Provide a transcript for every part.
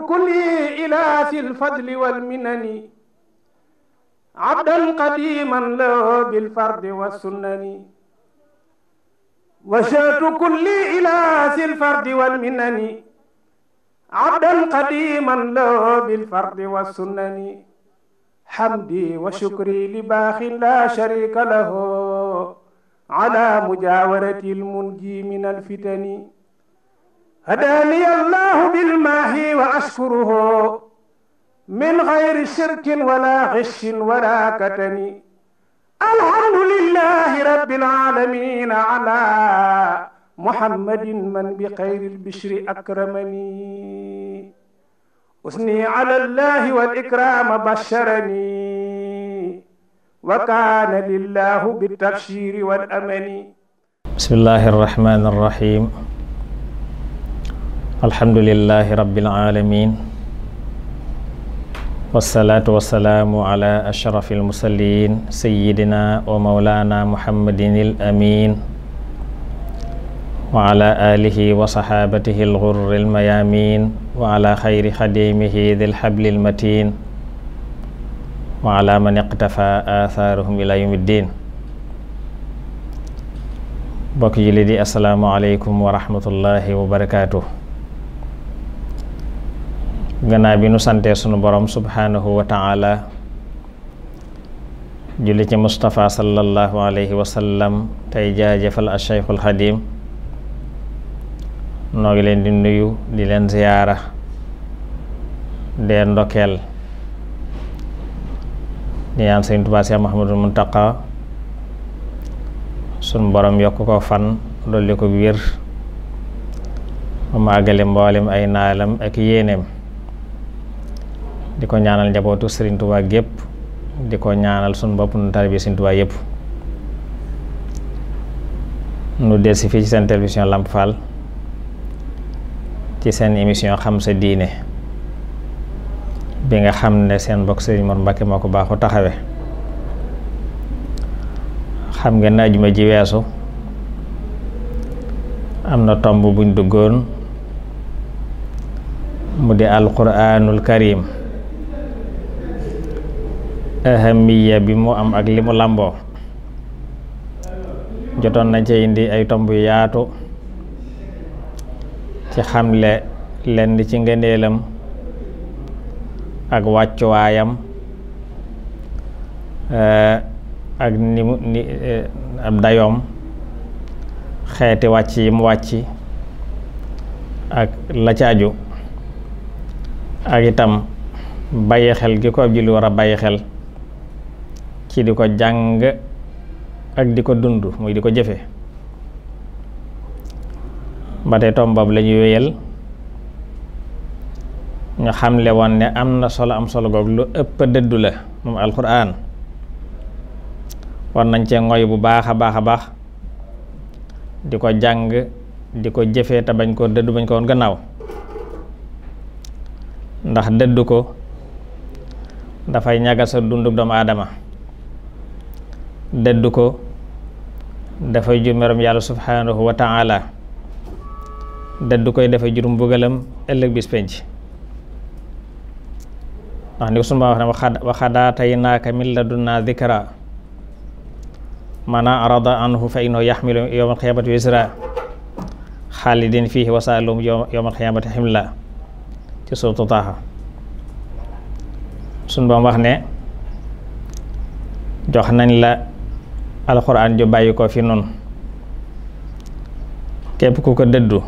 كلي إلى ذي الفضل والمنن عبدا قديما له بالفرد والسنن وشات كلي إلى ذي الفرد والمنن عبدا قديما له بالفرد والسنن حمدي وشكري لباخ لا شريك له على مجاورة المنجي من الفتن هداني الله بالماهي وأشكره من غير شرك ولا غش ولا كتم الحمد لله رب العالمين على محمد من بخير البشر أكرمني أثني على الله والإكرام بشرني وكان لله بالتبشير والأمن بسم الله الرحمن الرحيم alhamdulillahi rabbil alamin wasalaatu wasalaamu ala ashraf almusalliin sayidina wa maulana muhammadin al amin wa ala alihi wa saxaabatihi alxurri almayamin wa ala xayri xadimihi dil xabli almatin wa ala man iqtafa aathaarahum ila yawmi ddin bokk yi li di asalaamu aleykum wa rahmatullahi wa barakatuh gannaaw bi nu santee sunu borom subhaanahu wa ta'ala julli ci Moustapha sallallahu alayhi wa tey jaajëfal a Cheikhul Xadim noo ngi leen di nuyu di leen ziyaara dee ndokkeel di ñaan Sëriñ Tuubaa Seex Muhammadul sunu boroom yokk ko fan dolli ko wér mu àggale mboolem ay naalam ak yéeneem di ko ñaanal njabootu Serigne Touba gépp di ko ñaanal sunu bopp nu taalibe Serigne Touba yëpp nu del si fii ci seen télévision Lamp Fall ci seen émission xam sa diine bi nga xam ne seen mbokk Serigne Mor Mbacke moo ko baaxu taxawe xam nga ne ajuma ji weesu am na tomb buñ duggoon mu di alquranul karim ahamiya bi mu am ak li mu làmboo jotoon na ci indi ay tomb yaatu ci xamle lenn ci ngëneelam ak wàccuwaayam eh, ak ni mu ni eh, dayoom xeeti wàcc yi mu wàcc ak la ca aju ak itam bàyyi xel gi ko ab julli war a bàyyi xel ci di ko jàng ak di ko dund muy di ko jëfe ba tey tombab la ñuy wéyal ñu xamle woon ne am na solo am solo goog lu ëpp dëddu la moom alxuraan war nañ cee ngoy bu baax a baax a baax di ko jàng di ko jëfee te bañ koo dëddu bañ ko woon gannaaw ndax dëddu ko dafay ñaga sa dundu doomu aadama dëddu ko dafay jur yàlla subhanahu koy dafay jur mbugalam ëllëg bis penc ndax ni ko sunu Boroom wax ne waxadaataynaaka min ladunnaa dikra mana arada anhu fa innahu yaxmilu yowmal xiyaamati wisra xaalidin fiihi wasaalum yowmal xiyaamati ximla ci suuratu Taaha sunu Boroom wax ne jox nañ la alxuraan ju bàyyi ko fi noonu képp ku ko dëddu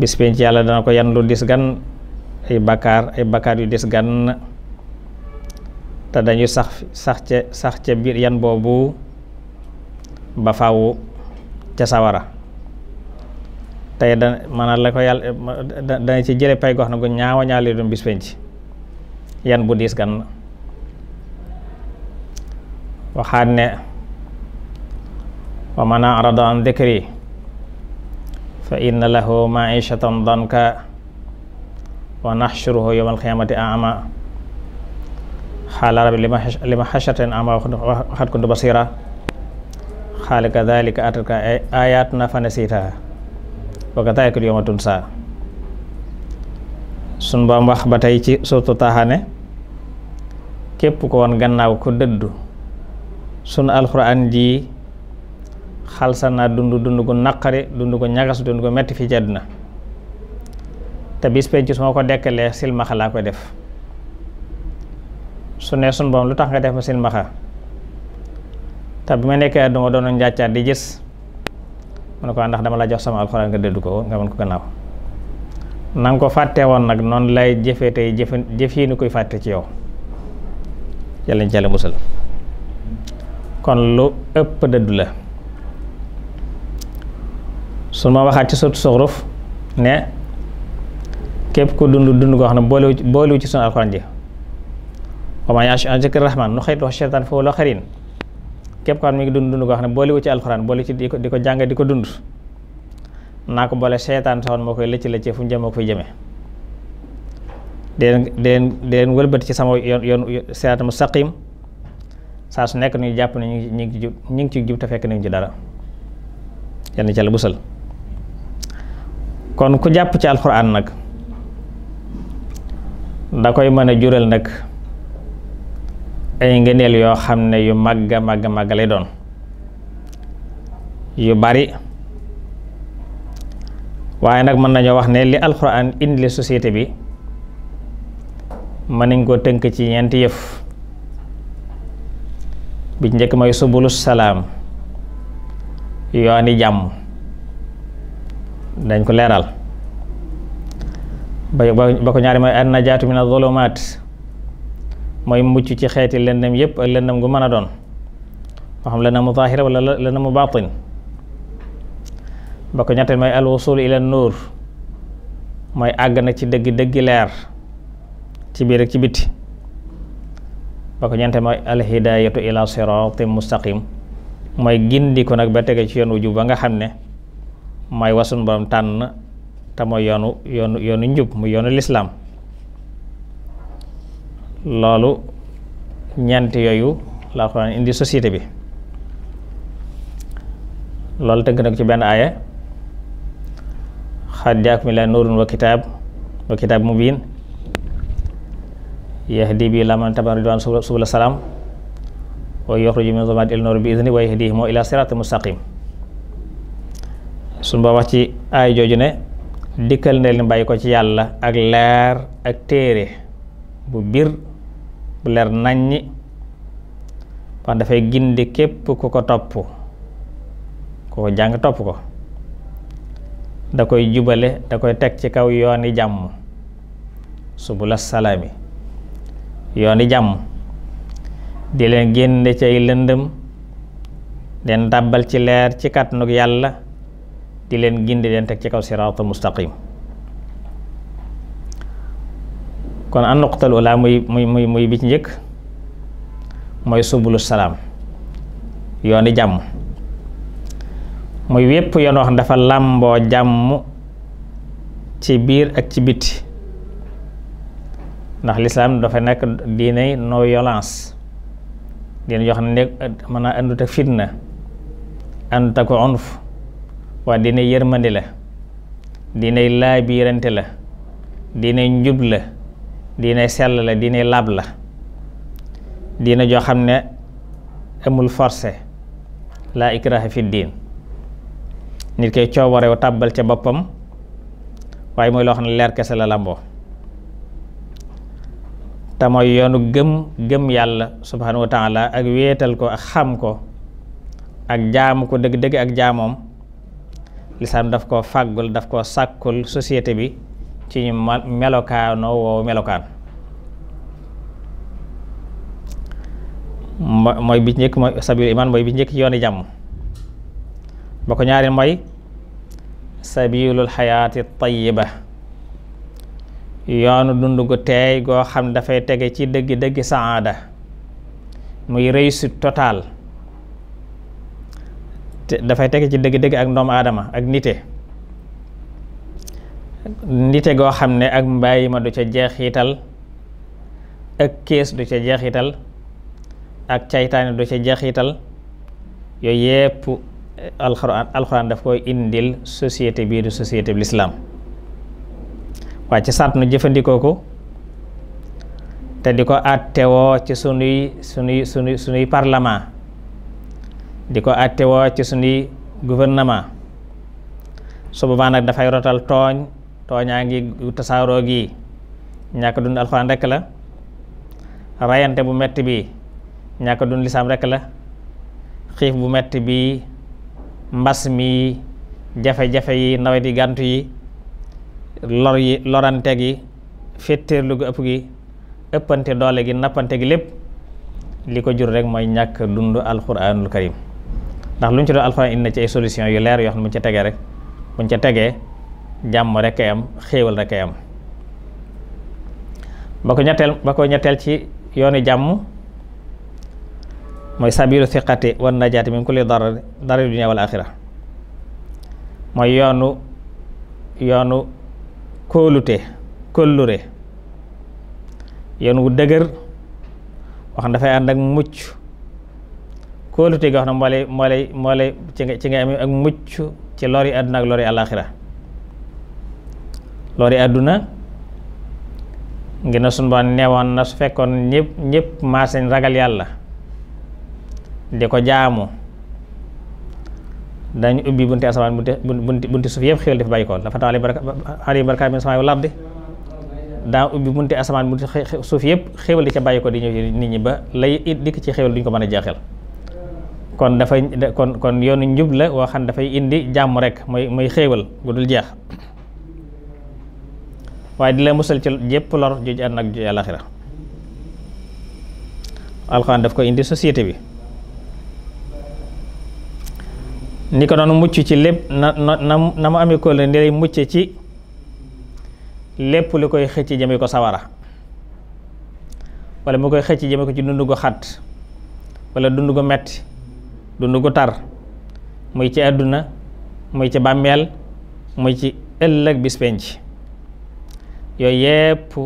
bis penc yàlla dana ko yan lu dis gan ay bakkaar ay bakkaar yu dis gan te dañu sax sax ca sax ca biir yan boobu ba faw ca sawara tey da maanaam la ko yàlla dana ci jële pay gox na gu ñaawa ñaali doon bis penc yan bu diis gan waxaat ne wa man arada an dikri fa inna lahu maishatan danka wa naxshuruhu yowma alqiyamati ama xaala rabbi lima xasharten ama waxat kuntu basira xaala kadalika ataka ayatuna fa nasita wa kadalika yowma tunsa sun baam wax ba tey ci surtu taxaane ko woon gannaaw ku dëddu sunu alxuraan ji xalsal naa dund dund gu naqari dund gu ñagas dund gu metti fii ci na te bis penc su ma ko dekkalee silmaxa laa koy def su ne sunu boom lu tax nga def ma silmaxa te bi ma nekkee àdduna ma doonoon njàccaat di gis mu ne ko ah, ndax dama la jox sama alxuraan nga dëddu ko nga mën ko gannaaw na ko fàtte woon nag noonu lay jëfee tey jëf jëf yi ni koy fàtte ci yow yàlla ñu ci yàlla musal kon lu ëpp dëddu la su ma waxaat ci sot soxruf ne képp ku dund dund ko xam ne boolewu boolewu ci sunu alxuraan ji wa man rahmaan nu xëyit wax seytaan foofu la xarin képp koo xam ne mi ngi dund dund ko xam ne boolewu ci alxuraan boolewu ci di ko di ko jàng di ko dund naa ko boole seytaan soxoon moo koy lëcc lëcc fu mu jëm moo ko fi jëmee deen deen deen wëlbati ci sama yoon yoon mustaqim saa su nekk ñu jàpp ne ñu ngi ci jub ñu ngi ci jub te fekk nañu ci dara yal na ci kon ku jàpp ci alxuraan nag da koy mën a jural nag ay ngëneel yoo xam ne yu màgga màgga màgga lay doon yu bari waaye nag mën nañoo wax ne li alxuraan indi société bi mën nañ koo tënk ci ñeenti yëf bi njëkk mooy subulu salaam yooni jàmm dañ ko leeral ba ba ko ñaari mooy an najaatu min azulumaat mooy mucc ci xeeti lëndëm yépp a lëndëm gu mën a doon moo xam lëndëm mu zaahira wala lëndëm mu baatin ba ko ñetteel mooy al wusul ila nuur mooy àgg na ci dëgg dëggi leer ci biir ak ci biti ba ko ñeente mooy alhidayatu ila siratim mustaqim mooy gindi ko nag ba tege ci yoon wu ba nga xam ne mooy wasun borom tànn te mooy yoonu yoonu yoonu njub mu yoonu lislaam loolu ñeent yooyu la alxuraan indi société bi loolu tënk na ci benn aaya xad jaakum ilaa nuurun wa kitaab wa kitaab mubiin yahdi bi ila man tabi'a ridwan subula salaam wa yuxriju min zulumaati il-nuur bi idni wa yahdihim ila siraatin mustaqim suñ ba wax ci ay jooju ne dikkal ne leen bàyyi ko ci yàlla ak leer ak téere bu bir bu leer naññi wax dafay gindi képp ku ko topp ku ko jàng topp ko da koy jubale da koy teg ci kaw yooni jàmm subula salaami yooni jàmm di leen génne ci lëndëm leen dàbbal ci leer ci kàttanug yàlla di leen gindi leen teg ci kaw siraatul mustaqim kon an nuqtal ula muy muy muy bi ci njëkk mooy subulu salaam yooni jàmm mooy wépp yoon wax dafa làmboo jàmm ci biir ak ci biti ndax lislaam dafa nekk diinay no violence diine yoo xam ne mën a àndut fitna àndut ak onf waa diinay yërmandi la diinay laabiirante la diinay njub la diinay sell la diinay laab la diina joo xam ne amul forcé laa ikraha fi diin nit koy coobarewu tàbbal ca boppam waaye mooy loo xam ne leer kese la lamboo te mooy yoonu gëm gëm yàlla subhaanahu wa ak wéetal ko ak xam ko ak jaamu ko dëgg-dëgg ak jaamoom lislaam daf koo fàggul daf koo sàkkul société bi ci ñu melokaano woowu melokaan mooy bi njëkk mooy sabilu iman mooy bi njëkk ci yooni jàmm ba ko ñaari mooy sabilul xayaati tayiba yoonu dund gu teey goo xam ne dafay tege ci dëggi dëggi saada muy réussite totale dafay tege ci dëgg dëgg ak ndoom aadama ak nite nite goo xam ne ak mbayi ma du ca jeexiital ak kees du ca jeexital ak caytaane du ca jeexital yooyu yépp eh, alxuraan alxuraan daf koy indil société bii du société lislaam waaye ci sart nu jëfandikoo ko te di ko attewoo ci sunuy sunuy sunuy sunuy parlement di ko attewoo ci sunuy gouvernement su boobaa dafay rotal tooñ tooñaa ngi tasaaroo gi ñàkk dund alxuraan rekk la rayante bu mett bi ñàkk dund lislaam rekk la xiif bu mett bi mbas mi jafe-jafe yi nawet yi gàntu yi lor yi lorante gi fetteerlu gu ëpp gi ëppante doole gi nappante gi lépp li ko jur rek mooy ñàkk dund alquranul karim ndax lu ñu ci doon alquran indi na ci ay solution yu leer yoo xam ne mu ci tegee rek buñ ca tegee jàmm rek kay am xéewal rek kay am ñetteel ci yoonu jàmm mooy sabilu thiqati wan najaati min kulli darar dari dunya wal axira mooy yoonu yoonu kóolute kóllure yoon wu dëgër wax dafay ànd ak mucc kóolute gi wax na moo lay moo lay moo lay ci nga ci nga amee ak mucc ci lori àdduna ak lori àllaaxira lori àdduna ngir na sunu Boroom na su fekkoon ñëpp ñëpp maasañ ragal yàlla di ko jaamu dañu ubbi bunti asamaan bunti bunti suuf yëpp xéwal dafa bàyyi koon dafa tax alayhi barakaat min samaa wal ardi daa ubbi bunti asamaan bunti suuf yëpp xéwal di ca bàyyi ko di ñëw nit ñi ba lay dikk ci xéwal duñ ko mën a jeexal kon dafa kon kon yoonu njub la woo xam dafay indi jàmm rek mooy mooy xéewal gu dul jeex waaye di la musal ci jépp lor ju ànd ak ju àlaxira daf ko indi societé bi ni ko noonu mucc ci lépp na na na mu amee kóllëre ni lay mucce ci lépp lu koy xëcc jëme ko sawara wala mu koy xëcc jëme ko ci dundu ko xat wala dund ko metti dund ko tar muy ci àdduna muy ci bàmmeel muy ci ëllëg bis penc yooyu yépp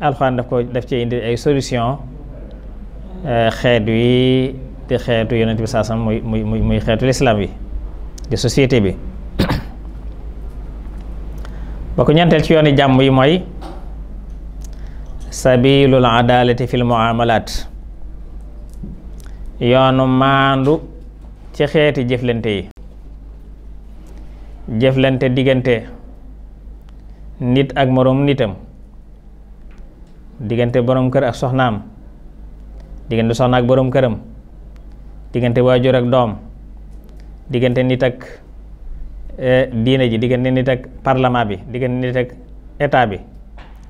alxuraan daf ko daf ci indi ay solution eh, xeet wi te xeetu yonent bi saa muy muy muy xeetu lislaam bi di société bi ba ko ñeenteel ci yooni jàmm yi mooy sabilul adalati fil muamalat yoonu maandu ci xeeti jëflante yi jëflante diggante nit ak moroom nitam diggante borom kër ak soxnaam diggante soxna ak borom këram diggante waajur ak doom diggante nit ak eh, diine ji diggante nit ak parlament bi diggante nit ak état bi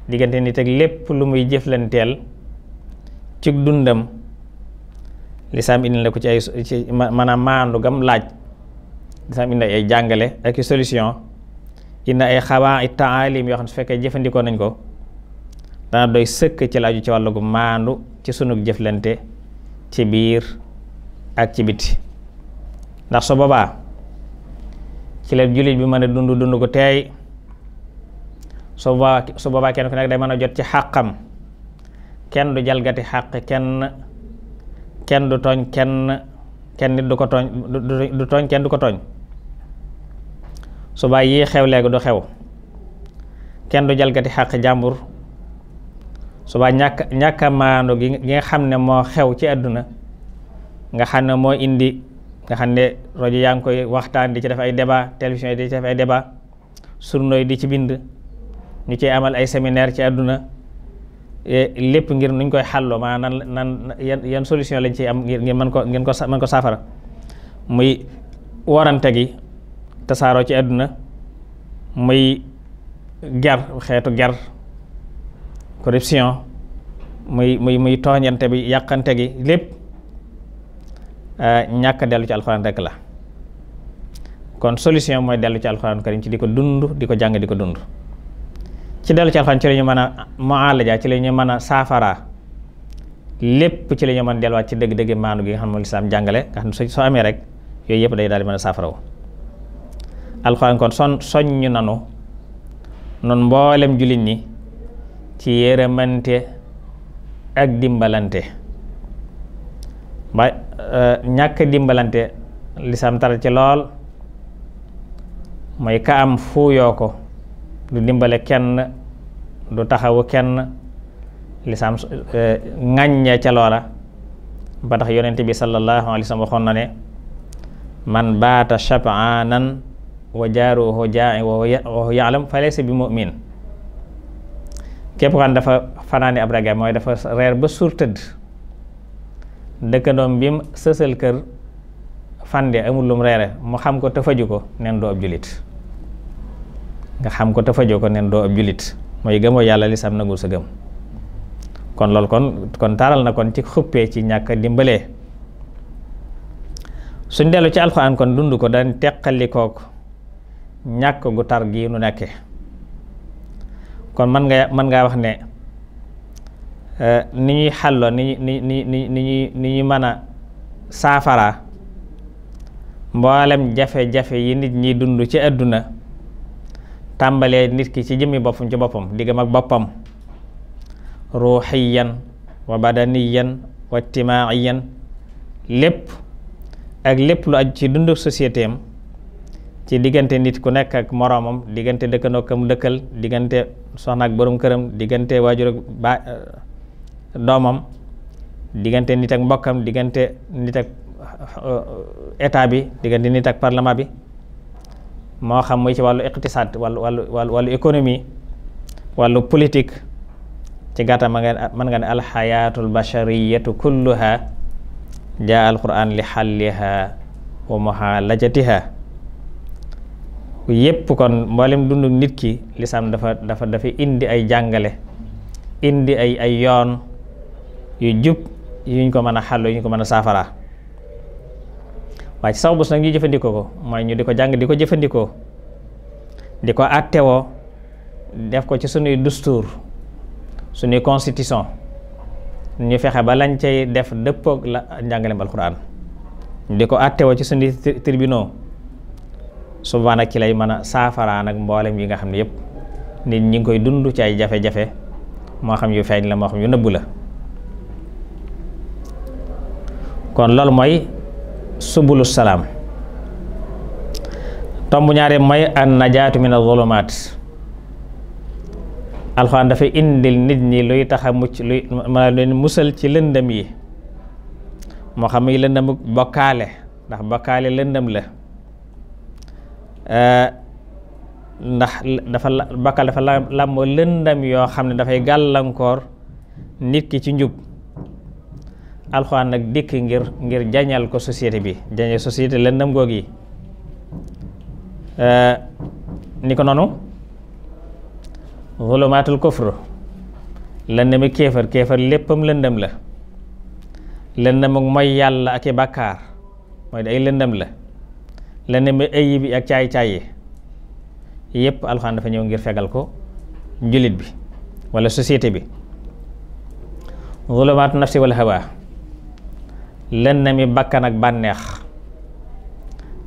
diggante nit ak lépp lu muy jëflanteel ci dundam lislaam indi la ko ci ay ci maanaam maandu gam laaj lislaam indi ay jàngale ak i solution indi ay xawaa it taalim yoo xam su fekkee jëfandikoo nañ ko dana doy sëkk ci laaju ci wàll gu maandu ci sunug jëflante ci biir ak ci biti ndax su boobaa ci la jullit bi mën a dund dund ko teey su boobaa boobaa kenn fi nekk day mën a jot ci xàqam kenn du jalgati xàq kenn kenn du tooñ kenn kenn nit du ko tooñ du ko tooñ su boobaa yii xew léegi du xew kenn du jalgati xàq jàmbur su boobaa ñàkk ñàkk gi nga xam ne moo xew ci àdduna nga xam ne moo indi nga xam ne rojo yaa ngi koy waxtaan di ci def ay débat télévision yi di ci def ay débat surno di ci bind ñu ci amal ay séminaire ci àdduna e lépp ngir nuñ koy xalloo maanaam nan nan yan yan solution lañ ciy am ngir ngir mën ko ngeen ko mën ko saafara muy warante gi tasaaroo ci àdduna muy ger xeetu ger corruption muy muy muy tooñante bi yàqante gi lépp Eh, ñàkk dellu ci alxuraan rek la kon solution mooy dellu ci alxuraan karim ci di ko dund di ko jàng di ko dund ci dellu ci alxuraan ci la ñu mën a muaalaja ci la ñu mën a saafara lépp ci la ñu mën a delluwaat ci dëgg-dëgg maanu gi nga xam ne lislaam jàngale nga xam ne soo amee rek yooyu yëpp day daal di mën a saafarawu alxuraan kon son soññ nanu noonu mboolem jullit ñi ci yërëmante ak dimbalante ba euh, ñàkk dimbalante lislaam taral ci lool mooy ka am fuuyoo ko du dimbale kenn du taxawu kenn lislaam euh, ŋàññee ca loola ba tax yonent bi sallallahu alayhi waxoon na ne man baata shabaanan wa jaaruhu jaa'in wa huwa ya'lam fa laysa bi mu'min képp kan dafa fanaane ab ragal mooy dafa reer ba suur tëdd dëkkandoom bi mu sësal kër fande amul lum reere mu xam ko te faju ko nen doo ab julit nga xam ko te faju ko nen doo ab julit mooy gëmoo yàlla lislaam nagul sa gëm kon loolu kon kon taaral na kon ci xuppee ci ñàkk dimbalee suñ dellu ci alxuraan kon dund ko daan teqalikook ñàkk gu tar gi nu nekke kon mën nga mën ngaa wax ne Eh, ni ñuy xàlloo ni ni ni ni ni ñuy ni ñuy a saafaraa mboolem jafe-jafe yi nit ñi dund ci àdduna tàmbalee nit ki ci jëmmi boppam ci boppam diggam ak boppam ruuxiyan wa badaniyan wa ijtimaayan lépp ak lépp lu aju ci dund société am ci diggante nit ku nekk ak moroomam diggante dëkkandoo kam dëkkal diggante soxna ak borom këram diggante waajur ak ba doomam diggante nit ak mbokkam diggante nit ak uh, état bi diggante nit ak parlement bi moo xam muy ci wàllu iqtisaad wàllu wàllu wàllu économie politik ci gàtta ma nga mën nga ne alxayaatul bashariyatu kulluha jaa alquran li xalliha wa muhalajatiha yépp kon mboolem dundu nit ki lislaam dafa dafa dafa indi ay jàngale indi ay yoon yu jub yuñ ko mën a xàll yuñ ko mën a saafara waaye ci saw bus nag ñuy jëfandikoo ko mooy ñu di ko jàng di ko jëfandikoo di ko àttewoo def ko ci suñuy dustuur suñuy constitution ñu fexe ba lañ cay def dëppoog la njàngaleem alxuraan di ko àttewoo ci sunuy tribunaux souvent nag ci lay mën a saafaraan nag mbooleem yi nga xam ne yëpp nit ñi ngi koy dund ci ay jafe-jafe moo xam yu feeñ la moo xam yu nëbb la kon loolu mooy subulu salaam tomb ñaare mooy an najaatu min az-zulumaat alxuraan dafay indil nit ñi luy tax a mucc luy musal ci lëndëm yi moo xam ne lëndëm bokkaale ndax bokkaale lëndëm la eh, ndax dafa bokkaale dafa làmboo lëndëm yoo xam ne dafay gàllankoor nit ki ci njub alxuraan nag dikk ngir ngir jañal ko societé bi jañal société lëndëm goog yi euh, ni ko noonu zulumaatul kufr lëndëmi kéefar kéefar léppam lëndëm la lëndëm ak mooy yàlla ak i ay lëndëm la lëndëmi ayi bi ak caay caay yi yëpp alxuraan dafa ñëw ngir fegal ko njulit bi wala société bi zulumaatu nafsi wal hawa lëndami bakkan ak bànneex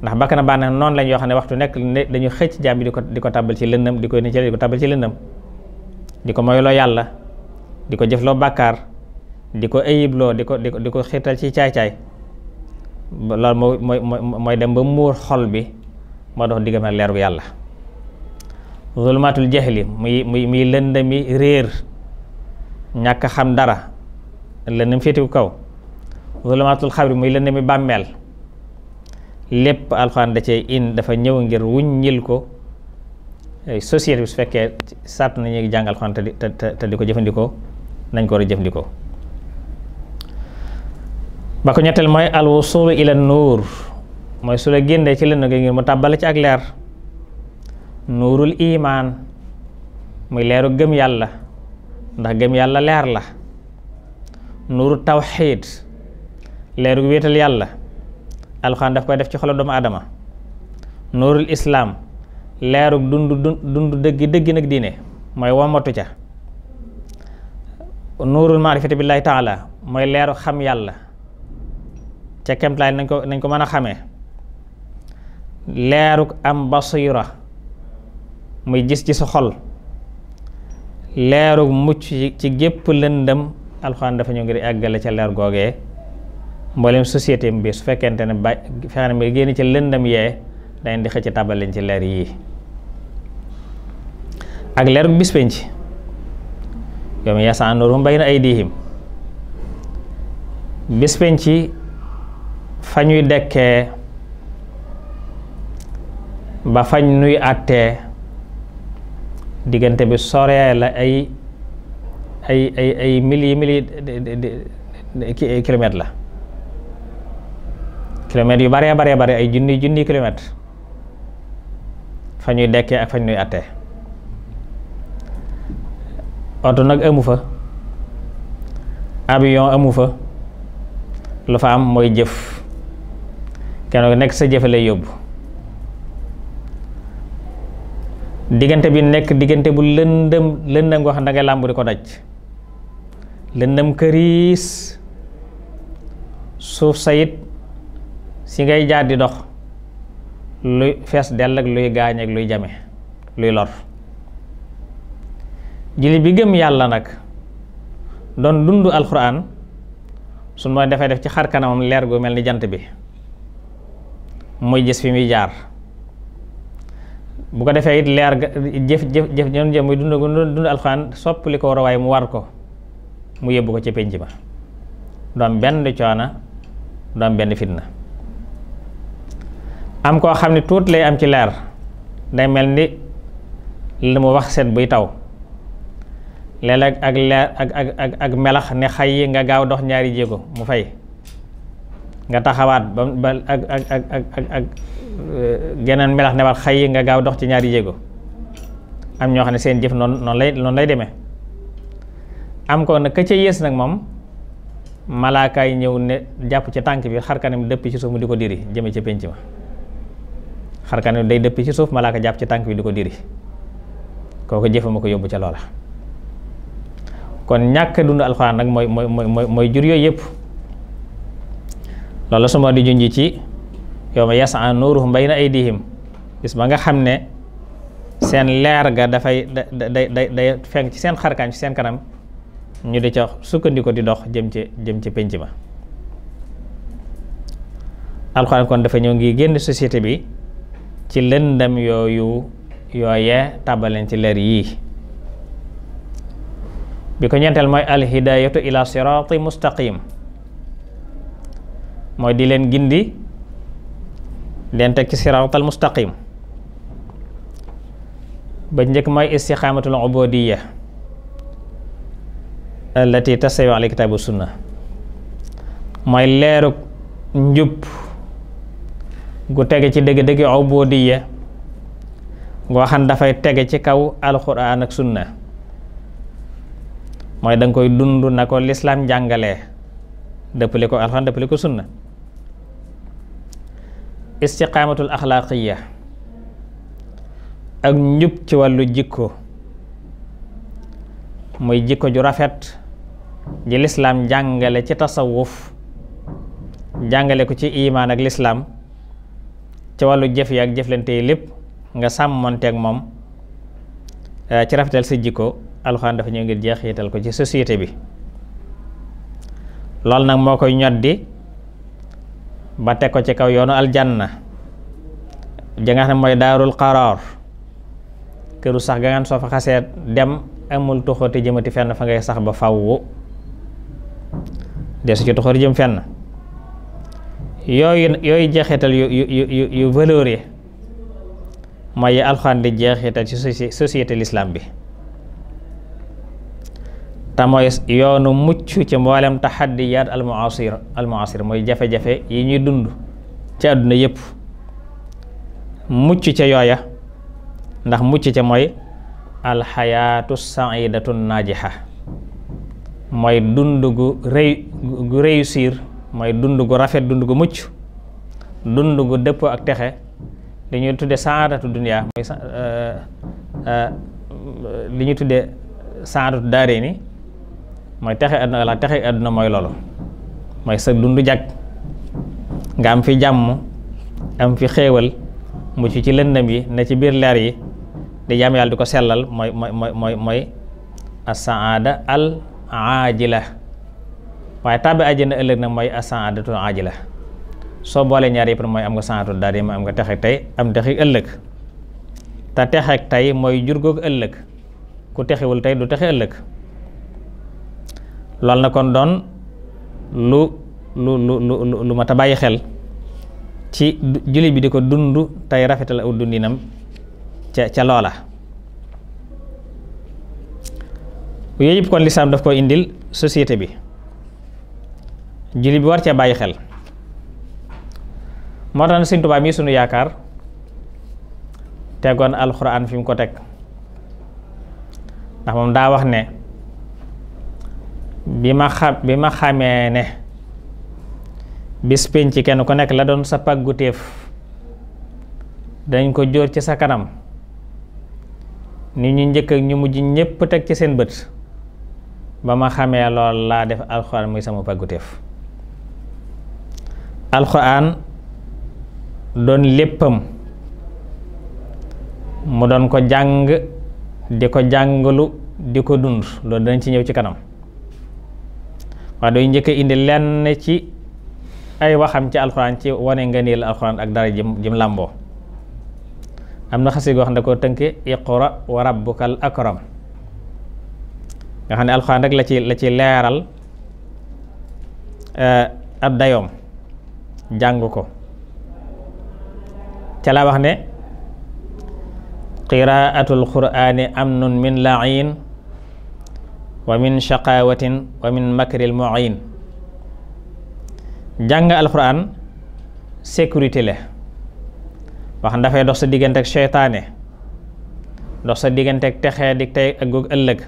ndax bakkan ak bànneex noonu lañ yoo xam ne waxtu nekk dañu xëcc jaam bi di ko di ko tàbbal ci lëndam di ko ni di ko tàbbal ci lëndam di ko moyloo yàlla di ko jëfloo bàkkaar di ko ayibloo di ko di ko di ko xiirtal ci caay-caay loolu moo mooy mooy dem ba muur xol bi moo dox diggam ak leeru yàlla zulmatul jahli muy muy muy lëndami réer ñàkk xam dara lëndam féetiku kaw zulumaatul xabri muy lënd mi bàmmeel lépp alxuraan da cee in dafa ñëw ngir wuññil ko société bi su fekkee sàtt nañu jàng alxuraan te di te di ko jëfandikoo nañ ko war a jëfandikoo ba ko ñetteel mooy alwusulu ila nuur mooy su la génnee ci lënd gi ngir mu tàbbale ci ak leer nuurul imaan muy leeru gëm yàlla ndax gëm yàlla leer la nuuru tawxiid leerug wéetal yàlla alxuraan daf koy def ci xolu doomu aadama nuurul islaam leerug dund dund dëggi dëggi nag diine mooy womatu ca nuurul maarifati billaahi taala mooy leerug xam yàlla ca kemtalaay nañ ko nañ ko mën a xamee leerug am basira muy gis ci sa xol leerug mucc ci gépp lëndëm alxuraan dafa ñëw ngir àggale ca leer googee mboolem société bi su fekkente ne ba fexe na génn ci lëndam yee dañ di xëcc tabal ci leer yii ak leer bis penc yow mi yasaan nuruhum bayna aydihim bis penc fa ñuy dekkee ba fañ nuy àttee diggante bi soree la ay ay ay ay mili mili kilomètre la kilomètres yu baree baree bare ay junni junni kilomètres fa ñuy dekkee ak fa ñuy attee oto nag amu fa avion amu fa lu fa am mooy jëf kenn ku nekk sa jëfe lay yóbbu diggante bi nekk diggante bu lëndëm lëndëm goo xam da di ko daj lëndëm këriis suuf sa it si ngay jaar di dox luy fees dell ak luy gaañ ak luy jame luy lor jullit bi gëm yàlla nag doon dund alxuraan suñ mooy defee def ci xar kanamam leer gu mel ni jant bi muy gis fi muy jaar bu ko defee it leer ga jëf jëf jëf ñoom jëf muy dund dund alxuraan soppali ko war a waaye mu war ko mu yóbbu ko ci pénc ma doom benn coona doom benn fitna am koo xam ne tuut lay am ci leer day mel ni li mu wax set buy taw léeg ak leer ak ak ak melax ne xay nga gaaw dox ñaari jéego mu fay nga taxawaat ba ba ak euh, geneen melax ne xay yi nga gaaw dox ci ñaari jéego am ñoo xam ne seen jëf noonu noonu lay noonu lay deme am ko nag ka ca yées nag moom malaakaay ñëw ne jàpp ci tànk bi xar kanam dëpp ci suuf mu di ko diri jëme ca pénc ma xarkan wi day dëpp ci suuf malaaka jàpp ci tànk bi di ko diri kooku jëfa ma ko yóbbu ca loola kon ñàkk dund alxuraan nag mooy mooy mooy mooy jur yooyu yëpp loolu su ma di junj ci yow ma yasa nuuruhum bayna aydihim bis ba nga xam ne seen leer ga dafay da day day day fenk ci seen xarkaan ci seen kanam ñu di ca sukkandiku di dox jëm ca jëm ca pénc ma alxuraan kon dafa ñëw ngi génn societé bi ci lëndam yooyu yooye tàbbaleen ci leer yii bi ko ñeenteel mooy alhidayatu ila sirati mustaqim mooy di leen gindi leen ci siraatal mustaqim ba njëkk mooy istixaamatul ubudiyya allati tastawi ala kitaabu sunna mooy leerug njub gu tege ci dëgg-dëgg ubudiyya goo xam dafay tege ci kaw alxuraan ak sunna mooy danga koy dund na ko lislaam jàngalee dëppale ko alxuraan dëppale ko sunna istiqaamatul axlaaqiyya ak njub ci wàllu jikko mooy jikko ju rafet ji lislaam jàngale ci tasawuf jàngale ko ci imaan ak lislaam ci wàllu jëf yi ak jëflante yi lépp nga sàmm sàmmanteeg moom eh, ci rafetal sa jikko alxuraan dafa ñëw ngir jeexital ko ci société bi loolu nag moo koy ñoddi ba teg ko ci kaw yoonu aljanna na nga xam ne mooy daarul qaraar këru sax ga ngaan soo fa xasee dem amul tuxóote jëmati fenn fa ngay sax ba fawwu de su ci tuxóote jëm fenn yooyu yooyu jeexital yu yu yu yu valeur mooy alxuraan di jeexital ci société l'islam bi te yoonu mucc ci mboolem taxaddiyaat almuasir almuasir mooy jafe-jafe yi ñuy dund ci àdduna yëpp mucc ca yooya ndax mucc ca mooy alxayaatu saidatu naajixa mooy dund gu réy gu réussir mooy dund gu rafet dund gu mucc dund gu dëppoo ak texe li ñuy tudde saadatu duniyaa mooy euh, euh, li ñuy tudde saadatu daaree ni mooy texe àdduna walla texe àdduna mooy loolu mooy sa dund jag nga am fi jàmm am fi xéewal mucc ci lëndëm yi ne ci biir leer yi di jàmm yàlla di ko sellal mooy mooy mooy mooy as saada al aajila waaye tàbbi àjjana ëllëg na mooy asaadatu ajila soo boolee ñaar yëpp mooy am nga saadatu daal yi ma am nga texeeg tey am texeeg ëllëg te texeeg tey mooy jur googu ëllëg ku texewul tey du texe ëllëg loolu na kon doon lu lu lu lu lu mat a bàyyi xel ci jullit bi di ko dund tey rafetal aw dundinam ca ca loola yooyu kon lislaam daf ko indil société bi julli bi war cee bàyyi xel moo tax Sëñ Tuubaa mii sunu yaakaar tegoon alxuraan fi mu ko teg ndax moom daa wax ne bi ma xam bi ma xamee ne bis ci kenn ku nekk la doon sa pàggu téef dañ ko jóor ci sa kanam ni ñu njëkk ak ñu mujj ñépp teg ci seen bët ba ma xamee lool laa def alxuraan muy sama pàggu alxuraan doon léppam mu doon ko jàng di ko jàngalu di ko dund loolu dañ ci ñëw ci kanam waaye doy njëkk indi lenn ci ay waxam ci alxuraan ci wane nga nii la alxuraan ak dara jim jim làmboo am na xasi goo xam ne koo tënke wa rabbukal akram nga xam ne alxuraan rek la ci la ci leeral eh, ab dayoom jàng ko ca la wax ne qiraatul qur'aani amnun min la'iin wa min shaqaawatin wa min makril mu'iin jàng alquran sécurité la wax dafay dox sa diggante ak seytaane dox sa diggante ak texee dig tey ak ëllëg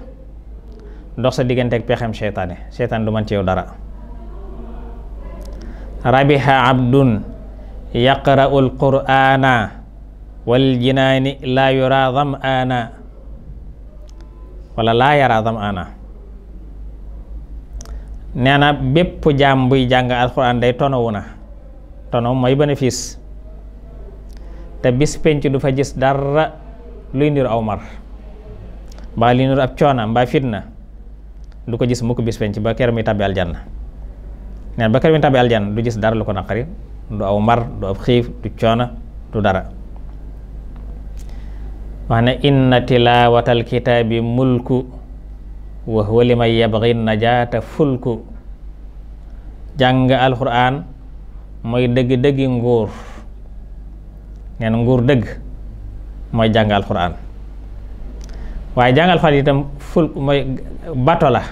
dox sa diggante ak pexem seytaane seytaane du man ci yow dara rabiha abdun yaqra'u alqur'ana wal jinaani laa yura dham ana wala laa yara dham ana nee na bépp jaam buy jàng alxuraan day tonowu na tonow mooy bénéfice te bis penc du fa gis dara luy niru aw mar mbaa luy niru ab coona mbaa fitna du ko gis mukk bis penc ba kër mi tàbbi aljanna neen ba kër wi tàbbi du gis dara lu ko naqari du aw mar du ab xiif du coona du dara wax ne inna tilaawatal kitaabi mulku wa huwa liman yabghi najaata fulku jàng alxuraan mooy dëgg dëggi nguur neen nguur dëgg mooy jàng alxuraan waaye jàng alxuraan itam ful mooy bato la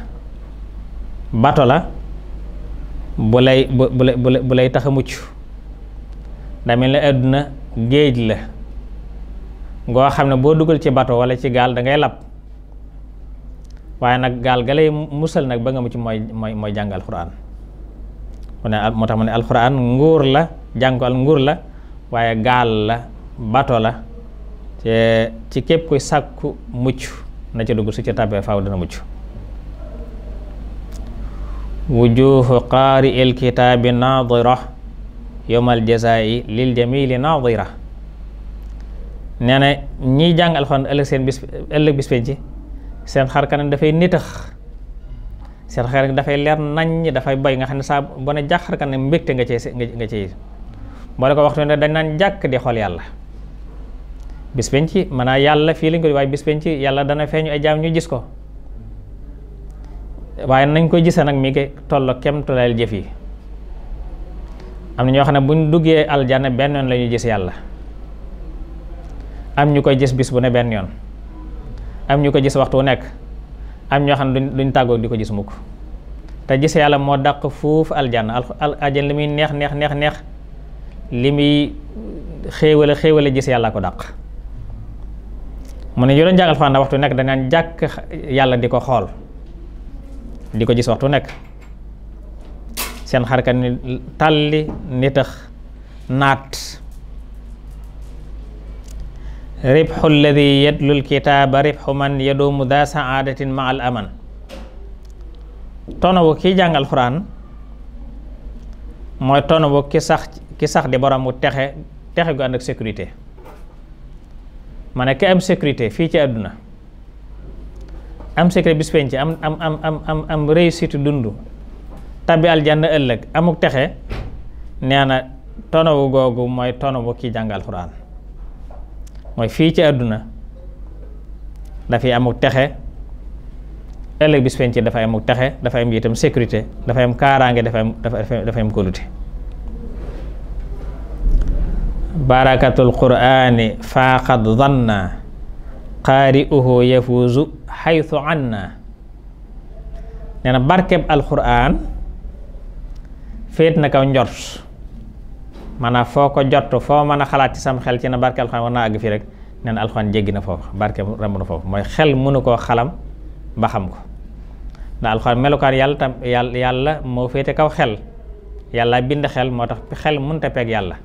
bato la bu lay bu bu bu lay tax a mucc daa mel àdduna géej la ngoo xam ne boo dugal ci bato wala ci gaal dangay lab waaye nag gaal ga musal nag ba nga mucc mooy mooy mooy jàng alxuraan mu ne moo tax mu ne alxuraan nguur la jàng ko al nguur la waaye gaal la bato la ci képp kuy sàkku mucc na ci dugg su ci tàbbee faaw dana mucc wujuhu qaari il kitaabi naadira yowmal jazaa'i lil jamili naadira nee na ñiy jàng alxuraan ëllëg seen bis ëllëg bis penc seen xar kanam dafay nitax seen xar dafay leer naññ dafay bay nga xam ne saa bu ne jàq xar kanam mbégte nga cee nga cee boole ko waxtu ne dañ naan jàkk di xool yàlla bis penc maanaam yàlla fii lañ ko di waaye bis penc yàlla dana feeñu ay jaam ñu gis ko waaye nañ koy gisee nag mii ko tolloo kemtalaayal jëf yi am na ñoo xam ne buñ duggee aljanna benn yoon la ñuy gis yàlla am ñu koy gis bis bu ne benn yoon am ñu ko gis waxtu wu nekk am ñoo xam ne duñ tàggoog di ko gis mukk te gis yàlla moo dàq fuuf aljanna al aljanna li muy neex neex neex neex li muy xéewale xéewale gis yàlla ko dàq mu ne yu doon jàngal Alxuraan waxtu nekk danaan jàkk yàlla di ko xool di ko gis waxtu nekk seen xarkat ni tàlli nitax naat ribxu alladi yadlul kitaaba ribxu man yaduumu daa saadatin ma al aman tono bu kii jàng alxuraan mooy tono bu ki sax ki sax di borom bu texe texe gu ànd ak sécurité ma ne ki am sécurité fii ci àdduna am secret bis penc am am am am am dund tabial aljanna ëllëg amuk texe nee na tonobu googu mooy tonobu kii jàng alxuraan mooy fii ci àdduna dafay amuk texe ëllëg bis penc dafay amuk texe dafay am itam sécurité dafay am kaaraange dafay am dafay am kóolute barakatul quraani faaqad zanna qaari'uhu yafuuzu xaytu anna nee na barkeb alxuraan féet na kaw njor maanaam foo ko jot foo mën a xalaat ci sam xel ci na barke alxuraan war naa àgg fii rek nee na alxuraan jéggi na foofu barke ramb na foofu mooy xel mënu koo xalam ba xam ko ndax alxuraan melukaan yàlla tam yàlla yàlla moo féete kaw xel yàlla bind xel moo tax xel mënut a peeg yàlla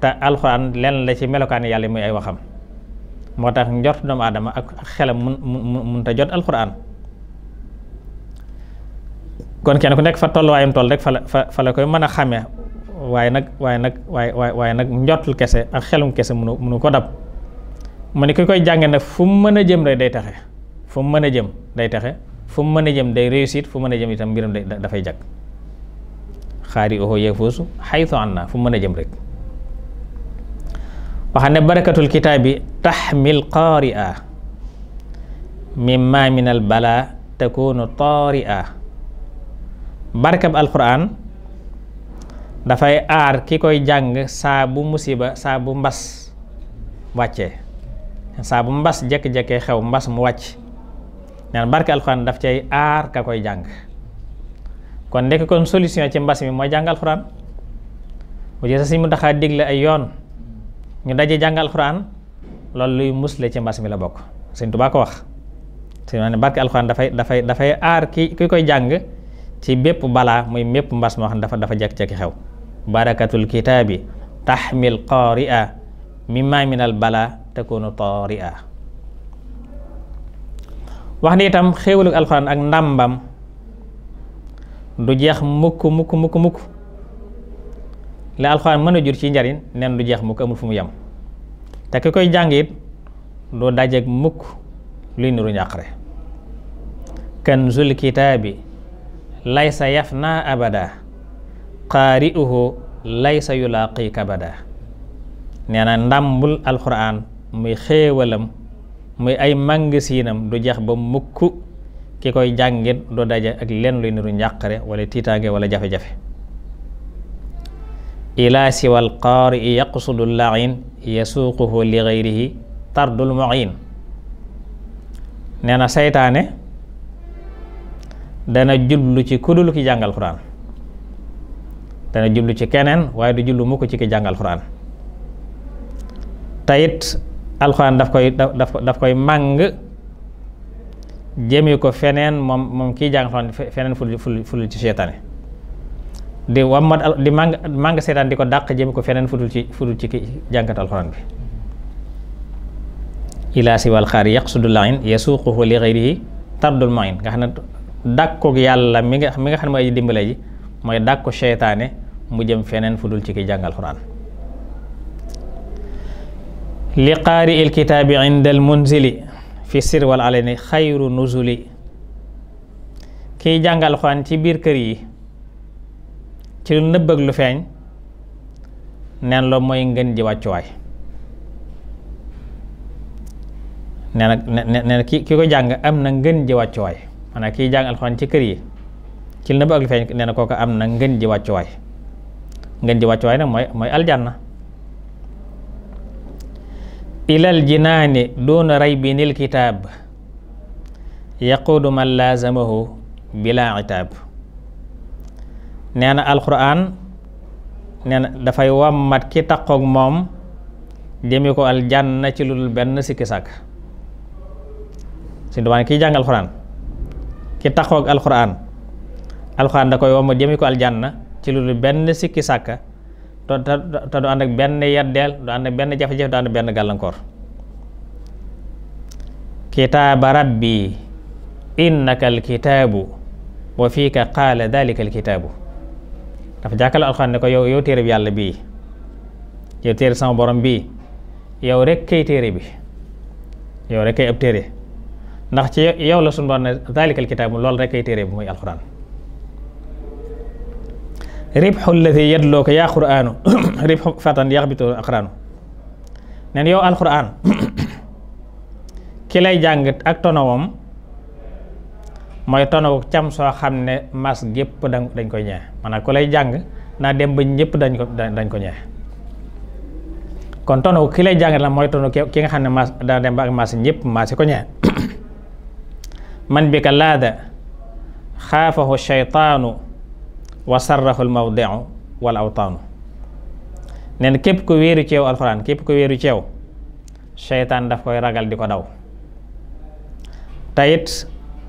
te alxuraan lenn la ci melukaan yàlla muy ay waxam moo tax njort doomu aadama ak ak xelam mun mun munta jot alxuraan kon kenn ku nekk fa tolluwaayam toll rek fa la fa la koy mën a xamee waaye nag waaye nag waaye waaye nag njortul kese ak xelum kese munu munu ko dab mu ne ki koy jànge nag fu mu mën a jëm rek day taxe fu mu mën a jëm day taxe fu mu mën a jëm day réussite fu mu mën a jëm itam mbiram dafay jag xaari oxo yee foosu xaytu an na fu mu mën a jëm rek waxa ne barakatul kitaabi taxmil qaari'a mimma min al bala takunu taari'a barkab alquran dafay aar ki koy jàng saa bu musiba saa bu mbas wàcce saa bu mbas jekk-jekkee xew mbas mu wàcc naan barke alquran daf cay aar ka koy jàng kon ndekk kon solution ci mbas mi mooy jàng alquran bu jë sa siñ mu taxaa digle ay yoon ñu daje jàngal alxuraan loolu luy musle ci mbas mi la bokk sëñ Tuubaa ko wax sëñ ma ne barke alxuraan dafay dafay dafay aar ki ki koy jàng ci bépp balaa muy mépp mbas moo xam dafa dafa jekk-jekki xew barakatul kitaabi taxmil qaria mimma minal bala takunu taria wax ni itam xéewalug alxuraan ak ndàmbam du jeex mukk mukk mukk mukk la alxuraan mën a jur ci njariñ nen du jeex mukk amul fu mu yem te ki koy jàng it doo dajeeg mukk luy niru njàqare lay sa laysa naa abada qaari'uhu lay yulaaqi kabada nee na ndàmbul alxuraan muy xéewalam muy ay màngasiinam du jeex ba mukk ki koy jàngit du daje ak lenn luy niru njàqare wala tiitaange wala jafe-jafe ila siwal qaari yaqsudu lain yasuuquhu li gayrihi tardul muin nee na seytaane dana jublu ci kudul ki jàngal Qur'an dana jublu ci keneen waaye du jublu mukk ci ki jàngal Qur'an tayit alxuraan daf koy daf koy màng jëmi ko feneen moom moom kiy jàng feneen ful ful ful ci seytaane di wammat di màng màng seetaan di ko dàq jëm ko feneen fudul ci fudul ci ki jàngat alxuraan bi ilaa siwal xaar yaqsudu lain yasuquhu li ghayrihi tardul main nga xam ne dàkkoog yàlla mi nga xam ne mooy dimbale ji mooy dàkko seytaane mu jëm feneen fudul ci ki jàng alxuraan li qaari il kitaabi inda xayru nuzuli kiy jàng alxuraan ci biir kër yi ci lu nëbb ak lu feeñ neen la mooy ngeen ji wàccuwaay nee ki ko jàng am na ngeen ji wàccuwaay maanaam kiy jàng alxuraan ci kër yi ci lu nëbb ak lu feeñ nee na am na ngeen ji wàccuwaay ngeen ji wàccuwaay nag mooy mooy aljanna ilal jinaani duuna raybinil kitaab yaquudu man laazamahu bila itaab nee na alxuraan nee na dafay wammat ki takkook moom jëmi ko ci lu dul benn sikki sàkk suñu dubaan kiy jàng alxuraan ki takkook alxuraan alxuraan da koy wammat jëmi ko aljanna ci lu dul benn sikki sàkk te du ànd ak benn yeddeel du ànd ak benn jafe-jafe du ànd ak benn gàllankoor kitaaba rabbi innaka alkitaabu wa fiika qaala dalika alkitaabu dafa jàkkale alxuraan ne ko yow yow téere bi yàlla bii yow téere sama borom bii yow rek kay téere bi yow rek ab téere ndax ci yow la suñu doon ne kitaabu loolu rek kay téere bi muy alxuraan ribxu alladi yadloo ko yaa quraanu ribxu fatan yaxbitoo aqraanu neen yow alxuraan ki lay jàng ak tonowam mooy tonawu cam soo xam ne mas gépp dañ koy ñee maanaam ku lay jàng naa dem ba ñëpp dañ ko dañ ko ñee kon tonawu ki lay jàng la ki nga xam ne mas daa dem ba ak mas ñëpp mas ko ñee man bi ka laada xaafahu shaytaanu wa sarrahu lmawdiu wal awtaanu nee na képp ko wéeru ceew alxuraan képp ko wéeru ceew seytaan daf koy ragal di ko daw te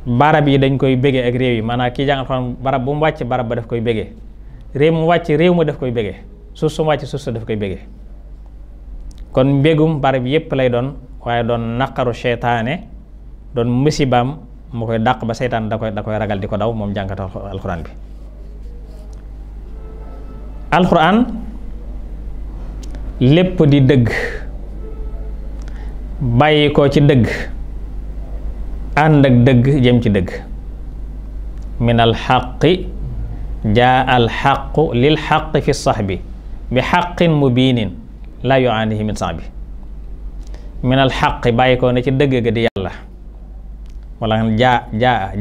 barab yi dañ koy bége ak réew yi maanaam ki jàngal xam bu mu wàcc barab ba daf koy bége réew mu wàcc réew ma daf koy bége suuf su mu wàcc suuf sa daf koy bége kon mbégum barab yépp lay doon waaye doon naqaru seytaane doon musibaam mu koy dàq ba seytaan da koy da koy ragal di ko daw moom jàngat alxuraan bi alxuraan lépp di dëgg bàyyi ko ci dëgg ànd ak dëgg jëm ci dëgg min alxaqi jaa alxaqu lil xaqi fi saxbi bi xaqin mubinin laa yuaanihi min saxbi min alxaqi bàyyi ko na ci dëgg ga di yàlla wala jaa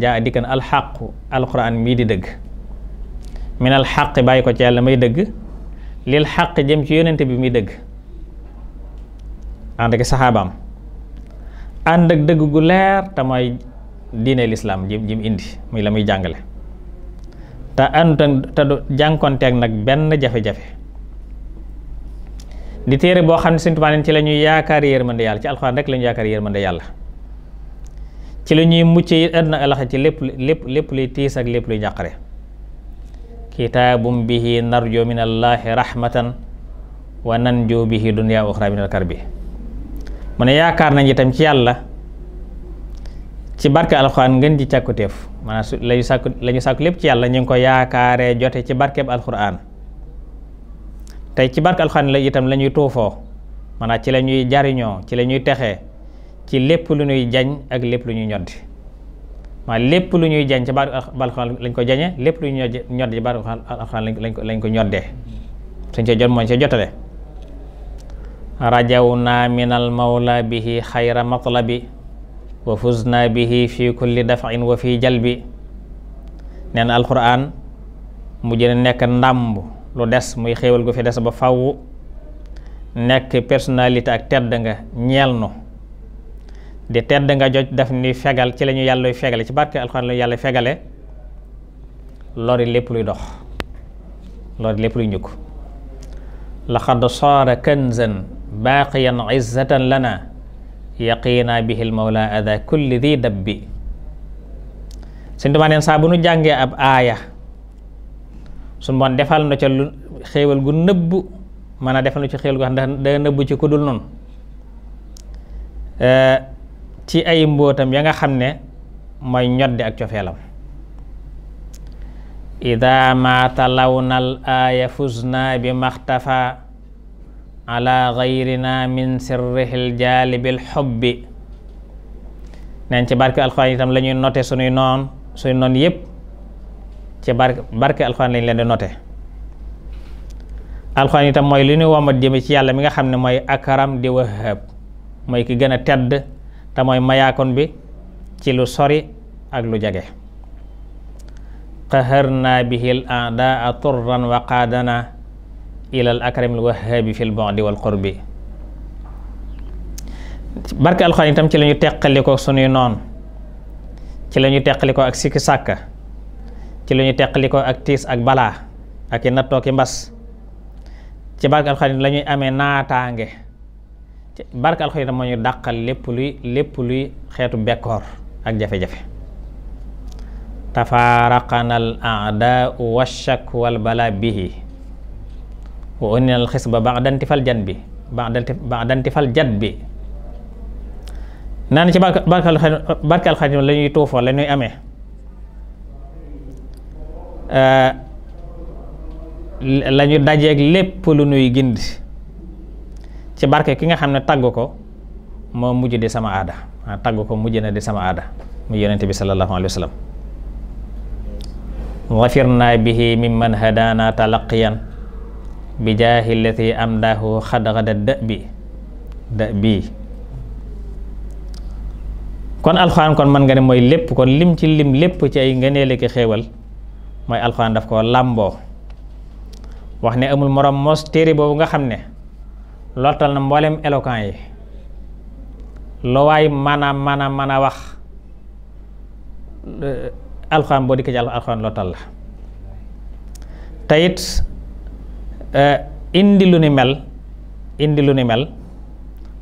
jaa dikkan alxaqu alquran mii di dëgg min alxaqi bàyyi ko ci yàlla may dëgg lil xaq jëm ci yonente bi muy dëgg ànd ak saxaabaam ànd dëgg gu leer te mooy diine lislaam jim jim indi muy la muy jàngale te ànd te du jànkonteeg nag benn jafe-jafe di téere boo xam ne Sëñ Tuubaa ci la ñuy yaakaar yërmande yàlla ci alxuraan la ñuy yaakaar yërmande yàlla ci la ñuy mucc yi àdduna alaxa ci lépp lépp lépp luy tiis ak lépp luy njàqare kitaabum bihi narjo min allaahi rahmatan wa nanjo bihi dunya uxra min bi mu ne yaakaar nañ itam ci yàlla ci barke alxuraan ngeen di càkkutéef maanaam su lañu sàkku lépp ci yàlla ñu ngi ko yaakaaree jote ci barkeb alxuraan tey ci barke alxuraan la itam la ñuy tuufoo maanaam ci la ñuy jariñoo ci lañuy ñuy texee ci lépp lu ñuy jañ ak lépp lu ñuy ñoddi maanaam lépp lu ñuy jañ ci barke alxuraan lañ ko jañee lépp lu ñuy ñoddi ci barke alxuraan lañ ko lañ ko ñoddee suñ ci jot mooñ ca jotale rajawna min almawla bihi xayra matlabi wa fuzna bihi fi kulli dafin wa fi jalbi nee na mu jëne nekk ndàmb lu des muy xéewal gu fi des ba faw nekk personnalité ak tedd nga ñeel nu di tedd nga jot daf ni fegal ci la ñu yàlla fegale ci barke alquran la ñu yàlla fegale lori lépp luy dox lori lépp luy njukk laqad saara kanzan baaqiyan izzatan lana yaqiina bihil mawla ada kulli dabbi suñ duma neen saa bu nu jàngee ab aaya suñ boon defal na ca lu xéewal gu nëbb mën defal na ci xéewal gu xam ndax da nëbb ci ku dul ci ay mbóotam ya nga xam ne mooy ñoddi ak cofeelam ida ma talawnal aaya fuz bi maxtafa ala gayrina min sirrihil jaalibil xobbi neen ci barke alxuraan note suñuy noon suñu noon yëpp ci barke note alxuraan mooy li ñuy womat ci yàlla mi nga xam ne mooy akaram di wahab mooy ki gën a tedd te mooy mayaakon bi ci lu sori ak lu jage qaharna bihil a'daa turran wa qaadana ilal akramil wahhabi fil bu'di wal qurbi barke alxuraan tam ci la ñu teqali ko noon ci lañuy ñu ak sikki sàkka ci lañuy ñu ak tiis ak balaa ak i nattoo ki mbas ci barke alxuraan la amee naataange ci barke alxuraan itam moo lépp luy lépp luy xeetu bekkoor ak jafe-jafe tafaaraqanal a'daa wa wal balaa bihi wa uninal xis ba baax danti fal jan bi baax danti baax danti fal jan bi naan ci barkal barkal xadim la ñuy tuufoo la ñuy amee la lépp lu nuy gind ci barke ki nga xam ne tagg ko moo mujj di sama aada tagg ko mujj na di sama aada mu yonente bi sallallahu alayhi wa sallam wafir naa bihi mimman hadana talaqiyan bi jaahi allati am daahu xadxada dë bi dë bii kon alxuraan kon mën nga ne mooy lépp kon lim ci lim lépp ci ay ngëneele ki xéewal mooy alxuraan daf ko làmboo wax ne amul morom mos téere boobu nga xam ne lottal na mboolem éloquent yi loo waay maanaam maanaam mën wax alxuraan boo dikkee ci alxuraan lottal la tayit Eh, indi lu ni mel indi lu ni mel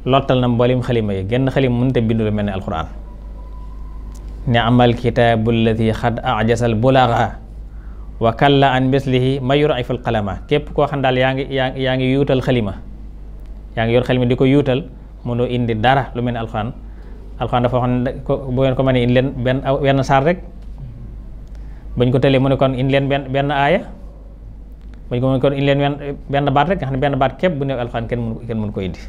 lottal na mboolem xalima yi genn xalima mënta bindu lu mel ni alquran ne amal kitaabu alladi xad ajasal bulaga wa kalla an mislihi mayur ay fal xalama képp koo xam daal yaa ngi yaa ngi yuutal xalima yaa ngi yor xalima di ko yuutal mënoo indi dara lu mel ni alquran alquran dafa waxoon bu ngeen ko mënee indi leen benn benn saar rek bañ ko tëlee mu ne kon indi leen benn aaya bu ñu ko mën kon indi leen benn baat rek nga xam ne benn baat képp bu néew alxuraan kenn mënu kenn ko indi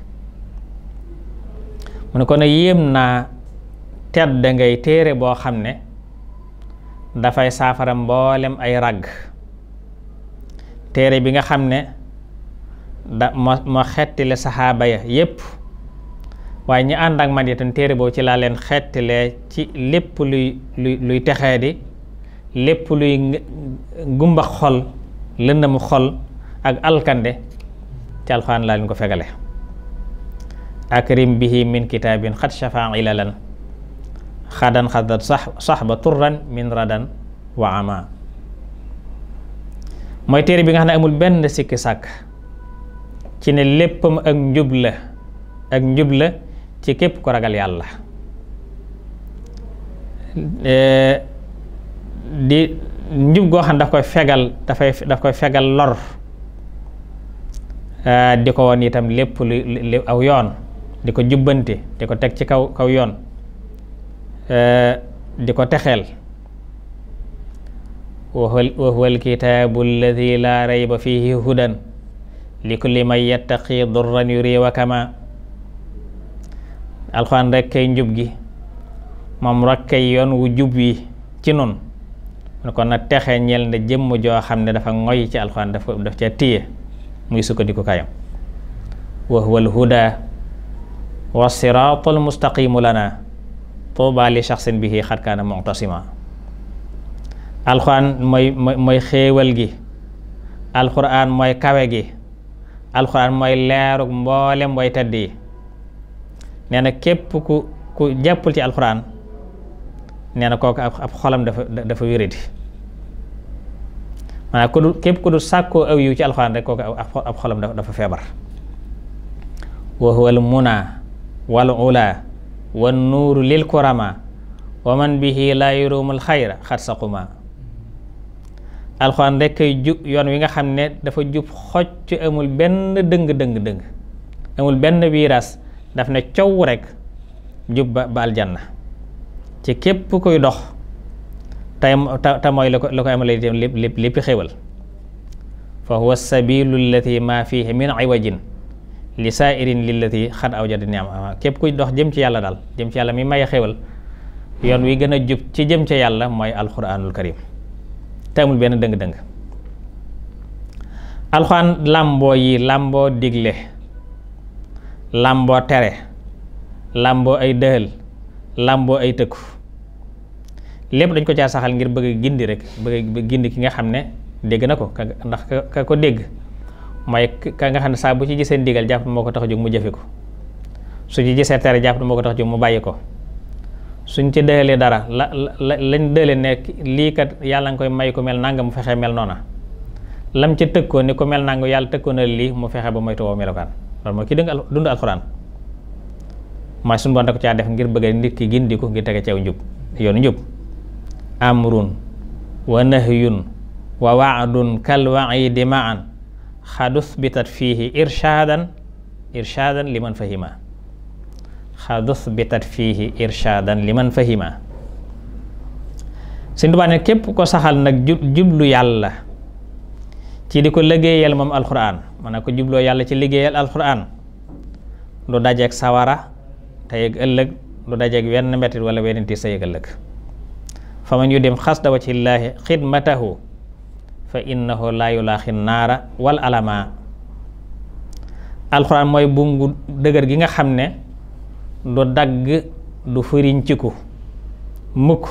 mu ne kon ne yéem naa tedd ngay téere boo xam ne dafay saafara mboolem ay ràgg téere bi nga xam ne da ma ma xettile saxaaba ya yépp waaye ñi ànd ak man itam téere boobu ci laa leen xettile ci lépp luy luy luy texee di lépp luy gumba xol lëndam xol ak alkande ci alxuraan laa leen ko fegale akrim bihi min kitaabin xat shafaa ilalan xadan xadat sax sax ba turran min radan wa ama mooy téere bi nga xam ne amul benn sikki sàkk ci ne léppam ak njub la ak njub la ci képp ku ragal yàlla eh, di njub goo xam ne koy fegal dafay daf koy fegal lor eh, di ko woon itam lépp lu aw yoon di ko jubbante di ko teg ci kaw kaw yoon eh, di ko texeel wa huwa alkitaabu alladi laa rayba fihi hudan li kulli man yattaqi durran yuri wa kama alxuraan rek kay njub gi moom rek kay yoon wu jub wi ci noonu kon nag texe ñel na jëmm joo xam ne dafa ngoy ci alxuraan dafa ko daf ca téye muy sukkandiku kaayam wa huwa alhuda wa siraatu almustaqimu lana tuuba li shaxsin bihi xat kaana alxuraan mooy mooy xéewal gi alxuraan mooy kawe gi alxuraan mooy leerug mboolem way tedd yi nee na képp ku ku jàppul ci alxuraan nee na kooku ab xolam dafa dafa wéradi maanaam ku dul képp ku dul sàkkoo aw yiw ci alxuraan rek kooku ab xolam dafa feebar wa huwa al muna wal ula wa nuuru lil kurama wa man bihi laa yurumul xayra xat saquma alxuraan rek kay jub yoon wi nga xam ne dafa jub xocc amul benn dëng dëng dëng amul benn wiiraas daf ne coow rekk jub ba aljanna ci képp kuy dox te mooy la ko la ko amalee itam lépp lépp lépp xéwal fa huwa sabilu allati ma fihi min iwajin li saairin lillati xat awjada niama képp kuy dox jëm ci yàlla daal jëm ci yàlla mi maye xéwal yoon wi gën a jub ci jëm ci yàlla mooy alquranul karim te amul benn dëng-dëng alxuraan làmboo yi làmboo digle làmboo tere làmboo ay dëhël làmboo ay tëkku lépp dañ ko caa saxal ngir bëgg gindi rek bëgg gindi ki nga xam ne dégg na ko ndax ka ko dégg mooy ka nga xam ne saa bu ci gisee ndigal jàpp moo ko tax a mu jëfe ko su ci gisee tere jàpp moo ko tax a mu bàyyi ko suñ ci dëlee dara la la lañ dëlee ne lii kat yàlla nga koy may ku mel nanga mu fexee mel noona lam ci tëkkoo ni ku mel nanga yàlla tëkkoo na lii mu fexe ba moytu woo melokaan loolu mooy kii dund dund alxuraan mooy suñu bon da ko caa def ngir bëggee nit ki gindi ko ngir tege ci aw yoonu njub amrun wa nahyun wa waadun kal waidi maan xad usbitat fiihi irshaadan irshaadan liman fahima xad usbitat fiihi irshaadan liman fahima Sëñ Tuubaa képp ko saxal nag jublu yàlla ci di ko liggéeyal moom alxuraan man na ko jubloo yàlla ci liggéeyal alxuraan du dajeeg sawara tey ak ëllëg du dajeeg wenn mbetit wala wenn tiis sa yëg ëllëg fa ñuy dem xasda wajhillaahi xidmatahu fa innahu laa yulaaxi naara wal alama alxuraan mooy buum gu dëgër gi nga xam ne du dagg du firinciku mukk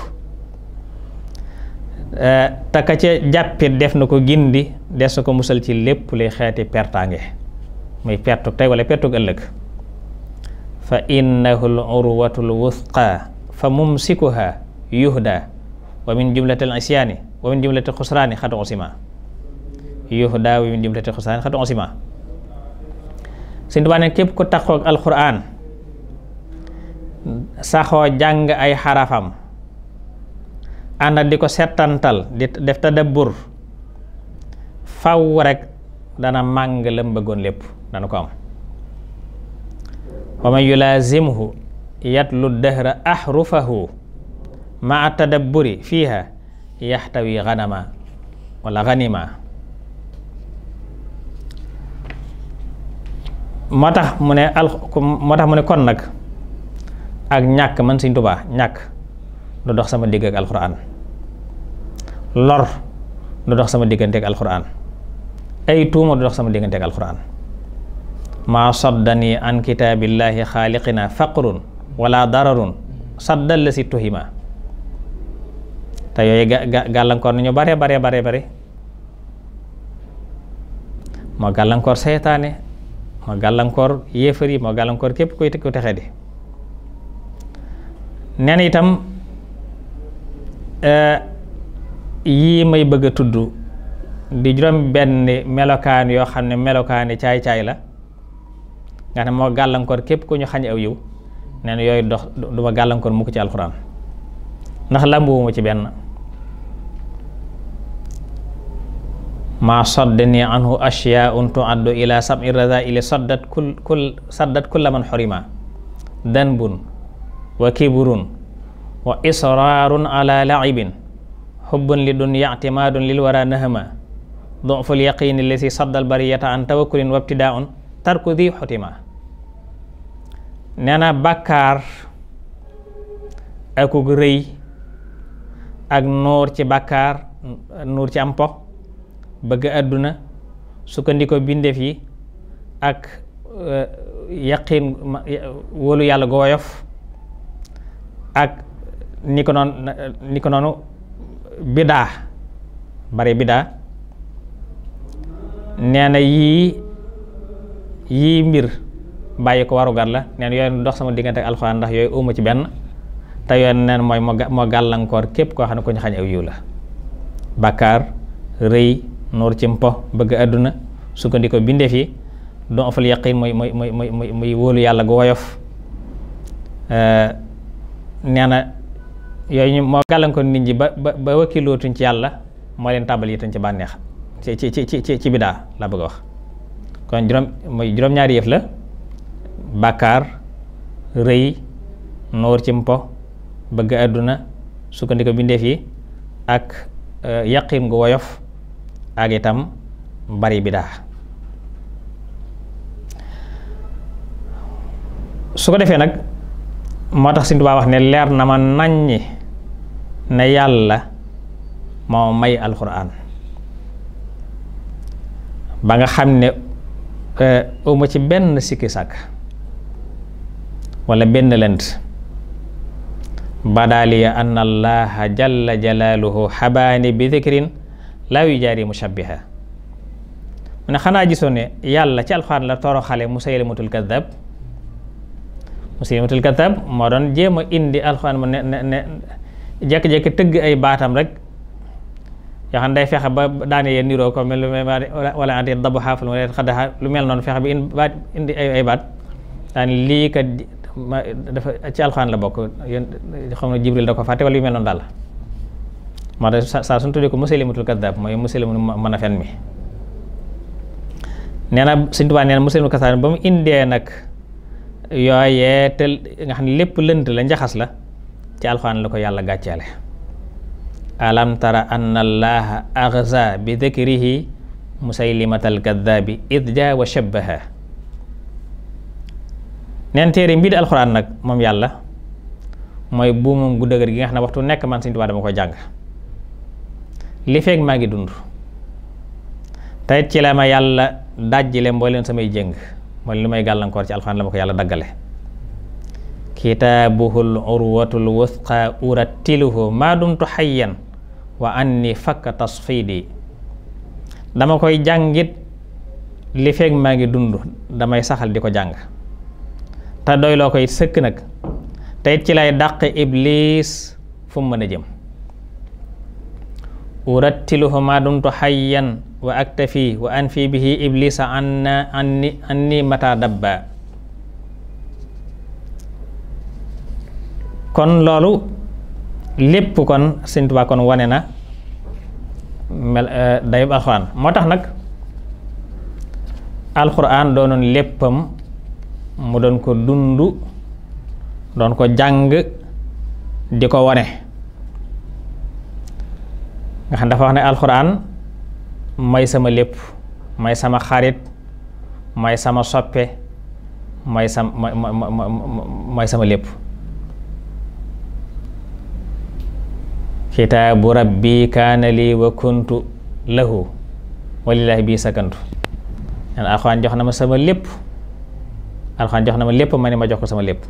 eh, te ka jàppit def na ko gindi des ko musal ci lépp luy xeeti pertaange muy pertug tey wala pertug ëllëg fa innahu l urwatul fa mumsikuha yuhda wa min jumlatil isyaani wa xusraani xatu osima yuuxu daa wa min xusraani xatu osima Sëñ Tuubaa képp ku taxoog alxuraan saxoo jàng ay xarafam ànd di ko settantal di def tadabbur faw rek dana màng lam bëggoon lépp dana ko am wa man yulaazimhu yatlu dahra ahrufahu maa tadabburi fiiha yaxtawi ganama wala ganima moo tax mu ne al moo tax kon nag ak ñàkk man Sëñ Tuubaa ñàkk du dox sama digg ak lor du dox sama diggante ak alxuraan ay tuuma du dox sama diggante ak alxuraan maa an kitaabillahi xaaliqina faqrun wala dararun saddal la si tuhima te yooyu gàllankoor nañu bare bare bare bare moo gàllankoor seytaane moo gàllankoor yéefar yi moo gàllankoor képp kuy ku texe di nen itam eh, yii may bëgg a tudd di juróom benn melokaan yoo xam ne melokaani caay caay la nga xam ne moo gàllankoor képp ku ñu xañ aw yiw neen yooyu dox duma gàllankoor mukk ci alxuraan ndax làmbuwuma ci benn maa saddani anhu ashyaun tuaddu ila sab'i razaili saddat kul kul saddat kulla man xurima danbun wa kibrun wa israarun ala laibin xubbun li dunya ictimaadun lil wara nahama doful yaqini lesi saddal bariyata an tawakkulin wabtidaa un tarku di xutima nee na bàkkaar akug rëy ak nuur ci bàkkaar nuur ci am po bëgg àdduna sukkandiku bindeef yi ak euh, yaqin wóolu yàlla gu woyof ak ni ko noonu ni bare bidaa nee na yii yii mbir bàyyi ko warugar la neen yooyu ndox sama diggante ak alxuraan ndax yooyu uma ci benn te yooyu neen mooy moo gàllankoor képp koo xam ne ku ñu xañ aw yiw la bàkkaar rëy noor ci mpo bëgg àdduna sukkandiko bindeef yi don afal yaqin muy muy muy muy wóolu yàlla gu woyof euh, nee na yooyu moo gàllankoon nit ñi ba ba ba wakkilootuñ ci yàlla moo leen tàbbal itam ci bànneex ci ci ci ci ci bidaa la bëgg wax kon juróom muy juróom-ñaari yëf la bàkkaar rëy noor ci mpo bëgg àdduna sukkandiko bindeef yi ak euh, yaqin gu woyof ak itam bari bidaa su ko defee nag moo tax Sëñ wax ne leer na ma naññi ne yàlla moo may alxuraan ba nga xam ne uma e, ci benn sikki sàkk walla benn lënt badaaliya anna allaha jalla jalaaluhu xabaani bi dikrin laa jaar mushabbiha mu ne xanaa gisoo ne yàlla ci alxuraan la toroxale Musaylimatul Kaddaab Musaylimatul Kaddaab moo doon jéem a indi alxuraan mu ne ne ne jékki tëgg ay baatam rek yoo xam day fexe ba daane yee niroo ko mel lu mel wala ante dabu xaafal wala xadaxa lu mel noonu fexe bi indi baat indi ay baat daan lii kat dafa ci alxuraan la bokk yéen na Jibril da ko fàtte wala yu mel noonu daal moo tax saa suñu tuddee ko musalimatul kaddaab mooy musalimu mën a fen mi nee na Sëñ musalimatul kaddaab ba mu indee nag yooyee te nga xam ne lépp lënt la njaxas la ci alxuraan la ko yàlla gàcceele alam tara anna allaha axza bi dikrihi kaddaabi id jaa wa shabbaha neen téere mbii alxuraan nag moom yàlla mooy buumam gu dëgër gi nga xam ne waxtu nekk man Sëñ Tuubaa dama ko jàng li feeg maa ngi dund tayit ci la ma yàlla dajjile mbooleen samay jëng mooy lu may gàllankoor ci alxuraan la ma ko yàlla daggale kitaabuhul urwatul wusqa urattiluhu maa dumtu xayyan wa anni fakk tasfidi dama koy jàngit li feeg maa ngi dund damay saxal di ko jàng te doyloo koy sëkk nag tayit ci lay dàq iblis fu mën a jëm urattiluhuma ɗum to hayyan wa aktafi wa anfi bihi iblisa anna anni anni mata dabba kon loolu lépp kon Sëñ kon wane na mel eh, dayub alxuraan moo tax nag alxuraan doonoon léppam mu doon ko dundu doon ko jàng di ko wane nga xam dafa wax ne alxuraan may sama lépp may sama xarit may sama soppe may sama may sama lépp kitaabu rabbi kaana lii wa kuntu lahu walilaahi bii sakantu neen alxuraan jox na ma sama lépp alxuraan jox na ma lépp ma ne ma jox ko sama lépp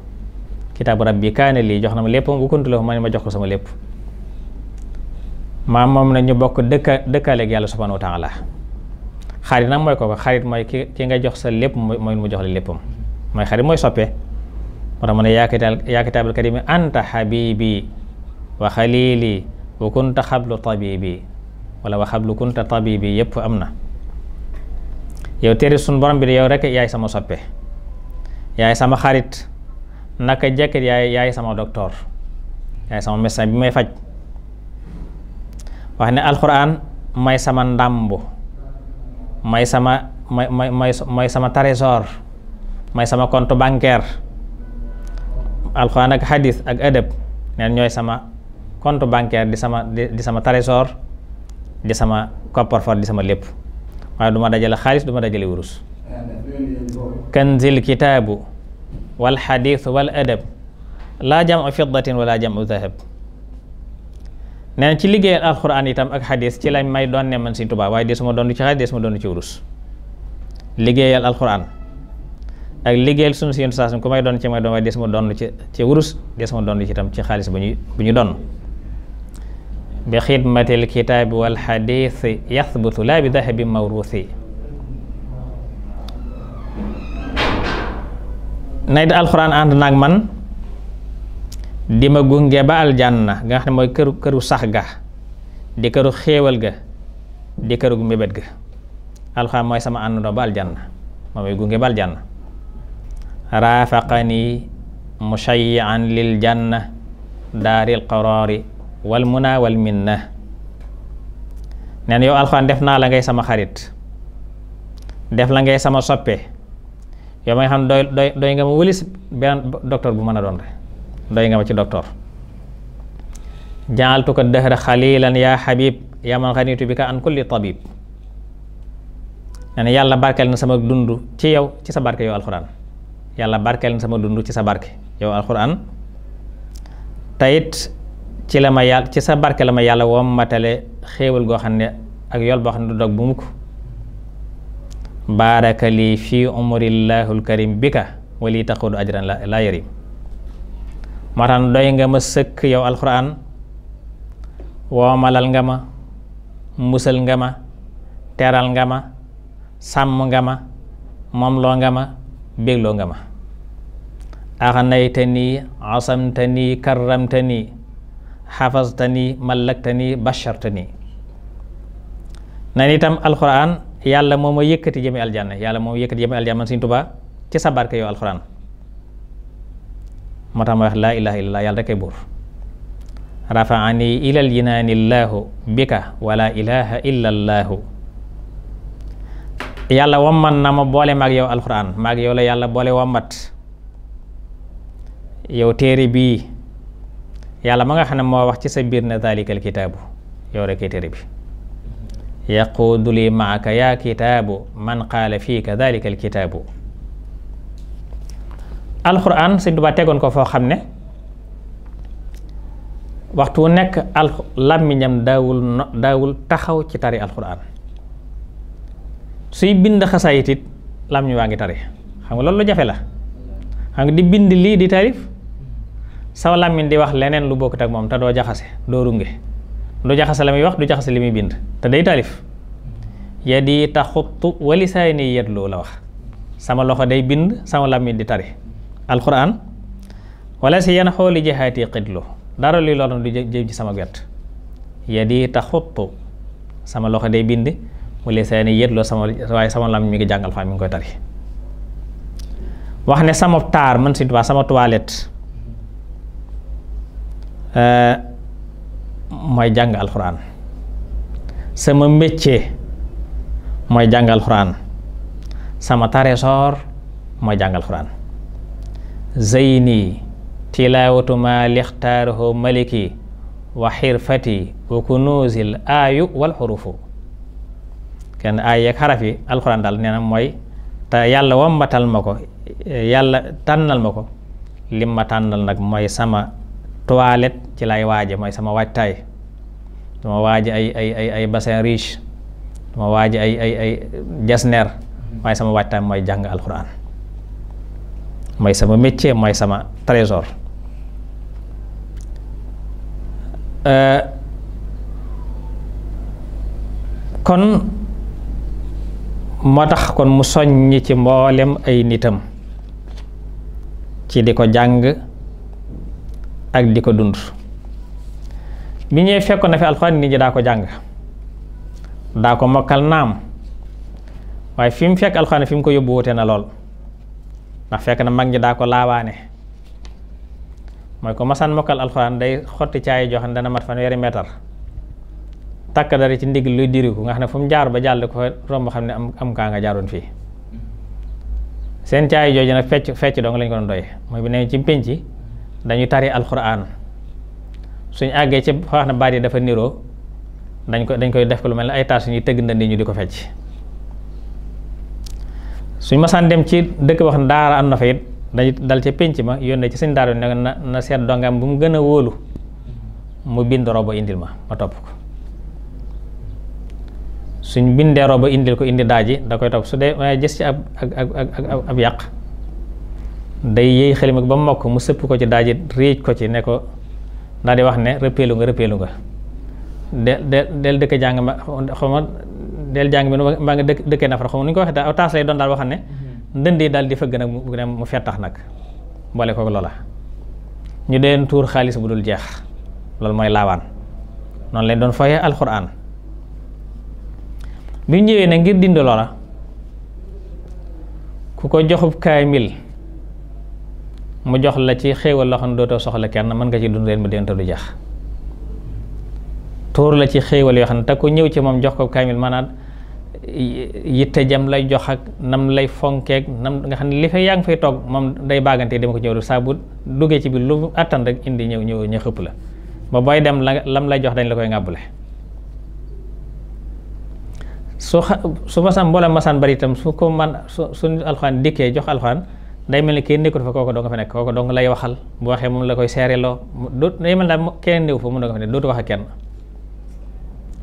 kitaabu rabbi kaana lii jox na ma lépp wa kuntu lahu ma ne ma jox ko sama lépp maam moom na ñu bokk dëkka dëkkaaleeg yàlla subhanahu wa taala xarit nag mooy ko xarit mooy ki nga jox sa lépp mooy mu jox la léppam mooy xarit mooy soppee moo tax mu ne yaa kitaabal karimi anta habibi wa xalili wa wala wa xablu kunta tabibi yëpp am na yow téere sun borom yow rek yaay sama soppe yaay sama xarit naka jëkkit yaay yaay sama docteur yaay sama médecin bi may faj wax ne alxuraan may sama ndàmb may sama may may may sama trésor may sama compte bancaire alxuraan ak xadis ak adab neen ñooy sama compte bancaire di sama di sama trésor di sama coffre-fort di sama lépp waaye du ma dajale xaalis du ma dajale wurus kanzil kitaabu wal xadis wal adab laa jamu fiddatin wala jamu dahab neen ci liggéeyal alxuraan itam ak xadis ci la may doon ne man Sëriñ Tuubaa waaye desuma doon ci xadis desuma doon ci wurus liggéeyal alxuraan ak liggéeyal sunu si yenn doon ci may de waaye desuma doon ci ci wurus doon ci itam ci xaalis bu ñu bu ñu doon bi xidmatil kitaabi wal xadis yathbutu laa bi dahabi mawruusi nay da alxuraan ànd naag man di ma gunge ba aljanna nga xam ne mooy këru sax ga di këru xéewal ga di këru mébét ga alxam mooy sama àndandoo ba aljanna ma may gunge ba aljanna raafaqani mushayian lil janna daaril qaraari wal muna wal minna neen yow alxuraan def naa la ngay sama xarit def la ngay sama soppe yow ma nga xam doy doy doy nga ma wëlis benn docteur bu mën a doon rek doy nga ma ci docteur jaaltuka dëhra xalilan yaa xabib yaa man xanitu bi ka an kulli tabib nee na yàlla barkeel na sama dund ci yow ci sa barke yow alxuraan yàlla barkeel na sama dund ci sa barke yow alxuraan tayit ci la ma yàlla ci sa barke la ma yàlla woom matale xéewal goo xam ne ak yool boo xam ne du dog bu mukk baaraka lii fii umurillahul karim bika wali taxudu ajran la yarim moo tax doy nga ma sëkk yow alxuraan woomalal nga ma musal nga ma teral nga ma sàmm nga ma moomloo nga ma bégloo nga ma axnaytani asamtani karramtani xafastani mallaktani bashartani nan itam alxuraan yàlla moo ma yëkkati jëme aljanna yàlla moo ma yëkkati jëme aljanna man Sëriñ ci sa barke yow alxuraan moo tax ma wax laa ilaha illallah yàlla rek ay buur rafaani ilal jinaani llaahu bika wala ilaha illa llaahu yàlla wamman na ma boole maag yow alxuraan mag yow la yàlla boole wammat yow téere bii yàlla ma nga xam ne moo wax ci sa biir na dalikal kitaabu yow rekk téere bi yaquudu li yaa kitaabu man qaala fiika dalikal kitaabu alxuraan sëñ Tuubaa tegoon ko foo xam ne waxtu wu nekk al làmmiñam daawul taxaw ci tari alxuraan suy bind xasaayit it làmmiñ waa ngi tari xam nga loolu lu jafe la xam nga di bind lii di tarif saw làmmiñ di wax leneen lu bokkut ak moom te doo jaxase doo runge du jaxase la muy wax du jaxase li muy bind te day tarif yadi taxuttu wa lisaani yadlu la wax sama loxo day bind sama làmmiñ di tari alxuraan walla si yan xooli jihaati xidlu dara luy lor du jëm ci sama wet yadi taxuttu sama loxo day bind mu lisaani yëtloo sama waaye sama lam ngi jàngal faa mi ngi wax ne sama taar man si waa sama toilette euh, mooy jàng alxuraan sama métier mooy jàng sama taresoor mooy jàng alxuraan zeyni tilawatu ma lixtaarahu maliki wa xirfati wa kunuuzil aayu wal xurufu kenn aay yeeg xaraf alxuraan daal nee mooy te yàlla wambatal ma ko yàlla tànnal ma ko lim ma tànnal nag mooy sama toilette ci lay waaje mooy sama waajtaay duma waaje ay ay bassin riche mhm. waaye sama waajtaay mooy jàng alxuraan mooy sama métier mooy sama trésor euh, kon moo tax kon mu soññ ci mboolem ay nitam ci di ko jàng ak di ko dund bi ñëwee fekkoon na fi alxuraan nit ñi daa ko jàng daa ko mokkal naam waaye fi mu fekk alxuraan fi mu ko yóbbu wute na lool ndax fekk na mag ñi daa ko laawaane mooy ko masaan mokkal alxuraan day xotti caay joo xam ne dana mat fanweeri meetar takk dara ci ndigg luy diriku nga xam ne fu mu jaar ba jàll ko romb xam ne am am kaa nga jaaroon fii seen caay jooju nag fecc fecc dong lañ ko doon doy mooy bi ne ci pénc dañuy tari alxuraan suñ àggee ci wax na baat yi dafa niroo dañ ko dañ koy def ko lu mel ne ay taas ñuy tëgg ndënd ñu di ko fecc suñ masaan dem ci dëkk wax daara am na fa it dañu dal ca pénc ma yónnee ci seen daara bi ne na na dongam bu mu gën a wóolu mu bind robo indil ma ma topp ko suñ bindee robo indil ko indi daaji da koy topp su dee waaye gis ci ab ak ak ab yàq day yéey xalima ba mokk mu sëpp ko ci daaji riij ko ci ne ko daal di wax ne rëppeelu nga rëppeelu nga del del del dëkk jàng ma xaw del jàng bi mbaa nga dëkk dëkkee nafar xam nu ñu ko waxee aw taas lay doon daal boo ne ndënd yi daal di fëgg nag mu fettax nag boole ko loola ñu deen tuur xaalis bu dul jeex loolu mooy laawaan noonu lañ doon fayee alxuraan bi mu ñëwee ne ngir dindi loola ku ko joxub kaamil mu jox la ci xéewal loo xam ne dootoo soxla kenn mën nga ci dund leen mu deen te du jeex tuur la ci xéewal yoo xam ne te ku ñëw ci moom jox ko kaamil maanaam yitte jam lay jox ak nam lay fonkeek nam nga xam ne li fa yaa ngi fay toog moom day baagante dama ko ñëw saa bu duggee ci bi lu attan rek indi ñëw ñëw ña xëpp la ba booy dem la lam lay jox dañ la koy ngàbbule su xa su masaan mboolem masaan bari itam su ko man su suñu alxaan dikkee jox alxaan day mel ni kenn nekkul fa kooku doo nga fa nekk lay waxal bu waxee moom la koy seereloo du day mel daal kenn néew fa mu doo nga fa nekk dootu wax ak kenn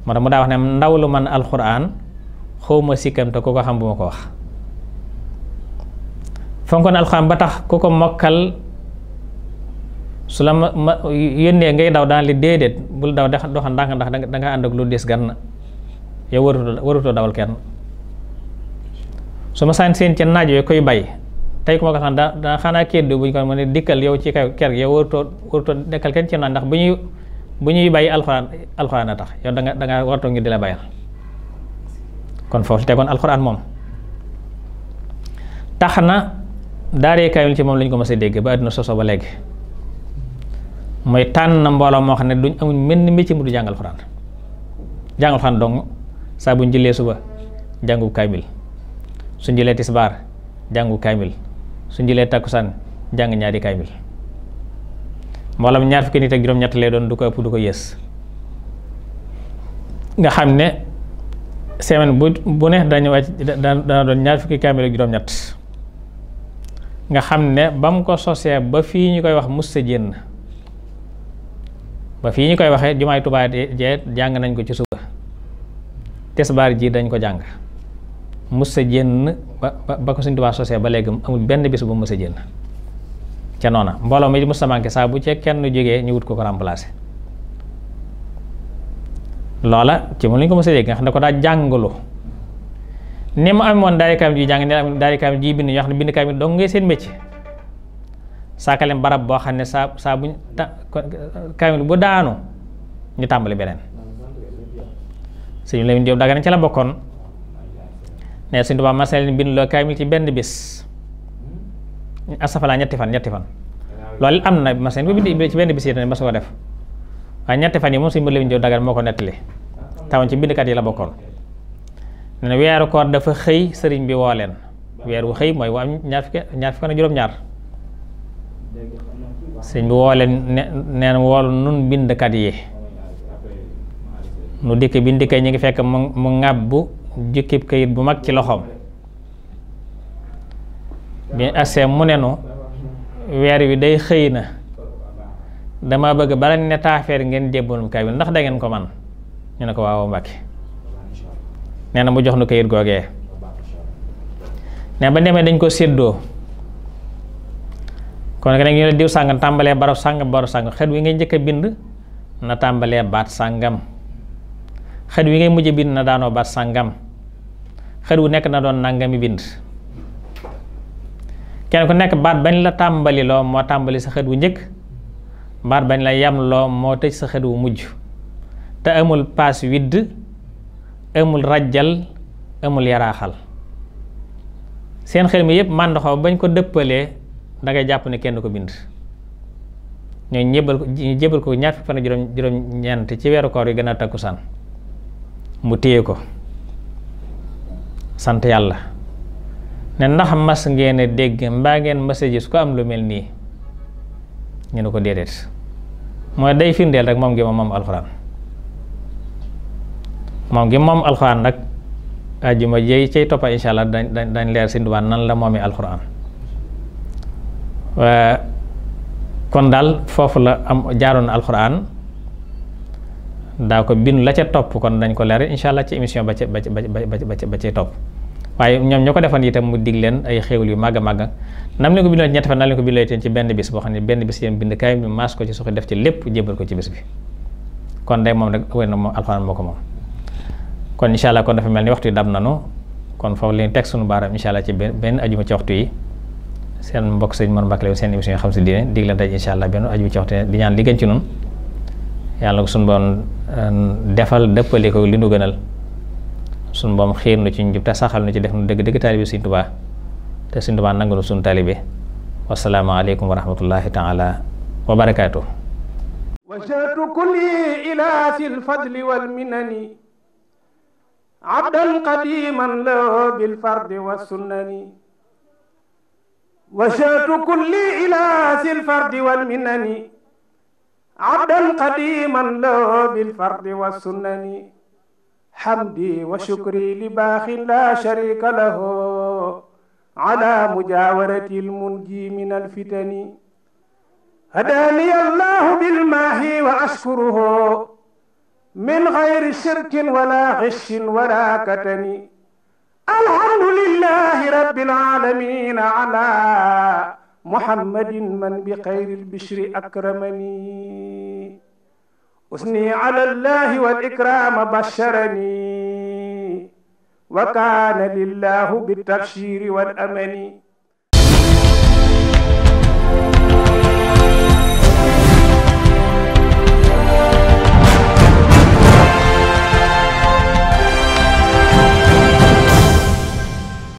moo tax mu daa wax ne ndaw lu man alxuraan xawma sikkam te ku ko xam bu ma ko wax fonkoon alxuraan ba tax ku ko mokkal su la ma ma yónnee ngay daw daan li déedéet bul daw doxa ndànk ndax danga ànd ak lu des gan yow warutoo dawal kenn su ma saan seen ci naaj yooyu koy bay tey ku ma ko xam da daa xanaa kéddu bu ñu ko mën ne dikkal yow ci kaw ker gi yow warutoo warutoo dekkal kenn ci naaj ndax bu ñuy bu ñuy bàyyi alxuraan alxuraan a tax yow danga danga warutoo ngi di la bayal kon foofu tegoon alxuraan moom tax na daaree kaamil ci moom lañ ko mës a dégg ba àdduna soso ba léegi mooy tànn na mbooloo moo xam ne duñ amuñ mel ni métier mu du jàng alxuraan jàng alxuraan dong saa buñ jëlee suba jàngu kaamil su jëlee tisbaar jàngu kaamil suñ jëlee takkusaan jàng ñaari kaamil mbooloom ñaar fukki nit ak juróom-ñett lay doon du ko ëpp du ko yées nga xam ne semaine bu bu ne dañu da dana doon ñaar fukki kaamil ak juróom-ñett nga xam ne ba mu ko sosee ba fii ñu koy wax musta jénn ba fii ñu koy waxee jumaay Tuubaa jee jàng nañ ko ci suba tesbaar ji dañ ko jàng musta jénn ba ba ko Sëñ Tuubaa sosee ba léegi amul benn bis bu musta jénn ca noona mbooloo mi musta manqué saa bu ci kenn jógee ñu wut ko ko remplacé loola ci moom la ñu ko mos a dégg nga xam ne ko daa jàngalu ni mu amoon daari kaamil ji jàng ne daari kaamil ji bind yoo xam ne bind kaamil barab boo xam ne saa saa buñ kaamil bu daanu ñu tàmbali beneen sëñ Lamin Jóob Dagana ci la bokkoon ne sëñ Tuubaa mas na leen bind loo kaamil ci benn bis astafala ñetti fan ñetti fan loolu am na mas na ko bind ci benn bis yi ne mas ko def waaye ñetti fan yi moom suñu mbir lañu dagal moo ko nettali tawoon ci bindkat yi la bokkoon nee weeru koor dafa xëy sëriñ bi woo weer wu xëy mooy waa ñaar fukki ñaar fukki fan ak juróom-ñaar sëriñ bi woo ne nee na nun bindkat yi nu dikk bi ndikkee ñu ngi fekk mu mu ŋàbbu jukkib kayit bu mag ci loxoom bi agsee mu ne nu weer wi day xëy na dama bëgg bala ne taafeer ngeen jébbalum kaamil ndax da ngeen ko man ñu ne ko waaw Mbàkke nee na mu jox na kayit googee ne ba demee dañ ko séddoo kon nag ñu ne diw sàngam tàmbalee barab sàngam barab sàngam xet wi ngay njëkk a bind na tàmbalee baat sàngam xet wi ngay mujj bind na daanoo baat sàngam xet wu nekk na doon nangami bind kenn ku nekk baat bañ la tàmbali loo moo tàmbali sa xet wu njëkk baat bañ la yamloo moo tëj sa xet wu mujj te amul paas widd amul rajjal amul yaraaxal seen xel mi yëpp màndaxoo bañ ko dëppalee dangay jàpp ni kenn ko bind ñooñu ñëbal ko ñu jébal ko ñaar fukki fan juróom juróom-ñeent ci weeru koor yi gën a takkusaan mu téye ko sant yàlla ne ndax mas ngeen a dégg mbaa ngeen mas su gis ko am lu mel nii ñu ne ko déedéet mooy day firndeel rek moom gi moom alxuraan moom gi moom alxuraan nag ajjuma jëy cay toppa insha allah dañ dañ leer si nan la moomee alxuraan kon daal foofu la am jaaroon alxuraan daa ko bind la ca topp kon dañ ko leer insha ci émission ba ca ba ca ba ca ba ca topp waaye ñoom ñoo ko defoon itam mu dig leen ay xéewal yu màgg a màgg nam leen ko bindoo ñett fan na leen ko bindoo itam ci benn bis boo xam ne benn bis yéen bind kaay mi maas ko ci suxi def ci lépp jébal ko ci bis bi kon day moom rek wéy na moom alxuraan moo ko moom kon incha allah kon dafa mel ni waxtu yi dab nanu kon foofu leen teg sunu baaram incha allah ci benn ajuma ci waxtu yi seen mbokk sëñ Mor Mbacke seen émission yi xam si diine dig leen daj incha allah benn ajuma ci waxtu di ñaan li gën ci noonu yàlla ko sunu boon euh, defal dëppale ko li nu gënal sunu boom xiir nu ci njub te saxal nu ci def nu dëgg dëgg taalibe Sëriñ Tuubaa te Sëriñ Tuubaa nangu nu sunu taalibe wassalaamu aleykum wa rahmatullahi taala wa barakaatuh وجهت كلي إلى ذي الفضل والمنن عبدا قديما له بالفرد والسنن وجهت كلي إلى ذي حمدي وشكري لباخ لا شريك له على مجاورة المنجي من الفتن هداني الله بالماهي وأشكره من غير شرك ولا غش ولا كتم الحمد لله رب العالمين على محمد من بخير البشر أكرمني usni ala allahi wal ikrama basharani wa kaana lillahu bitabshiri wal amani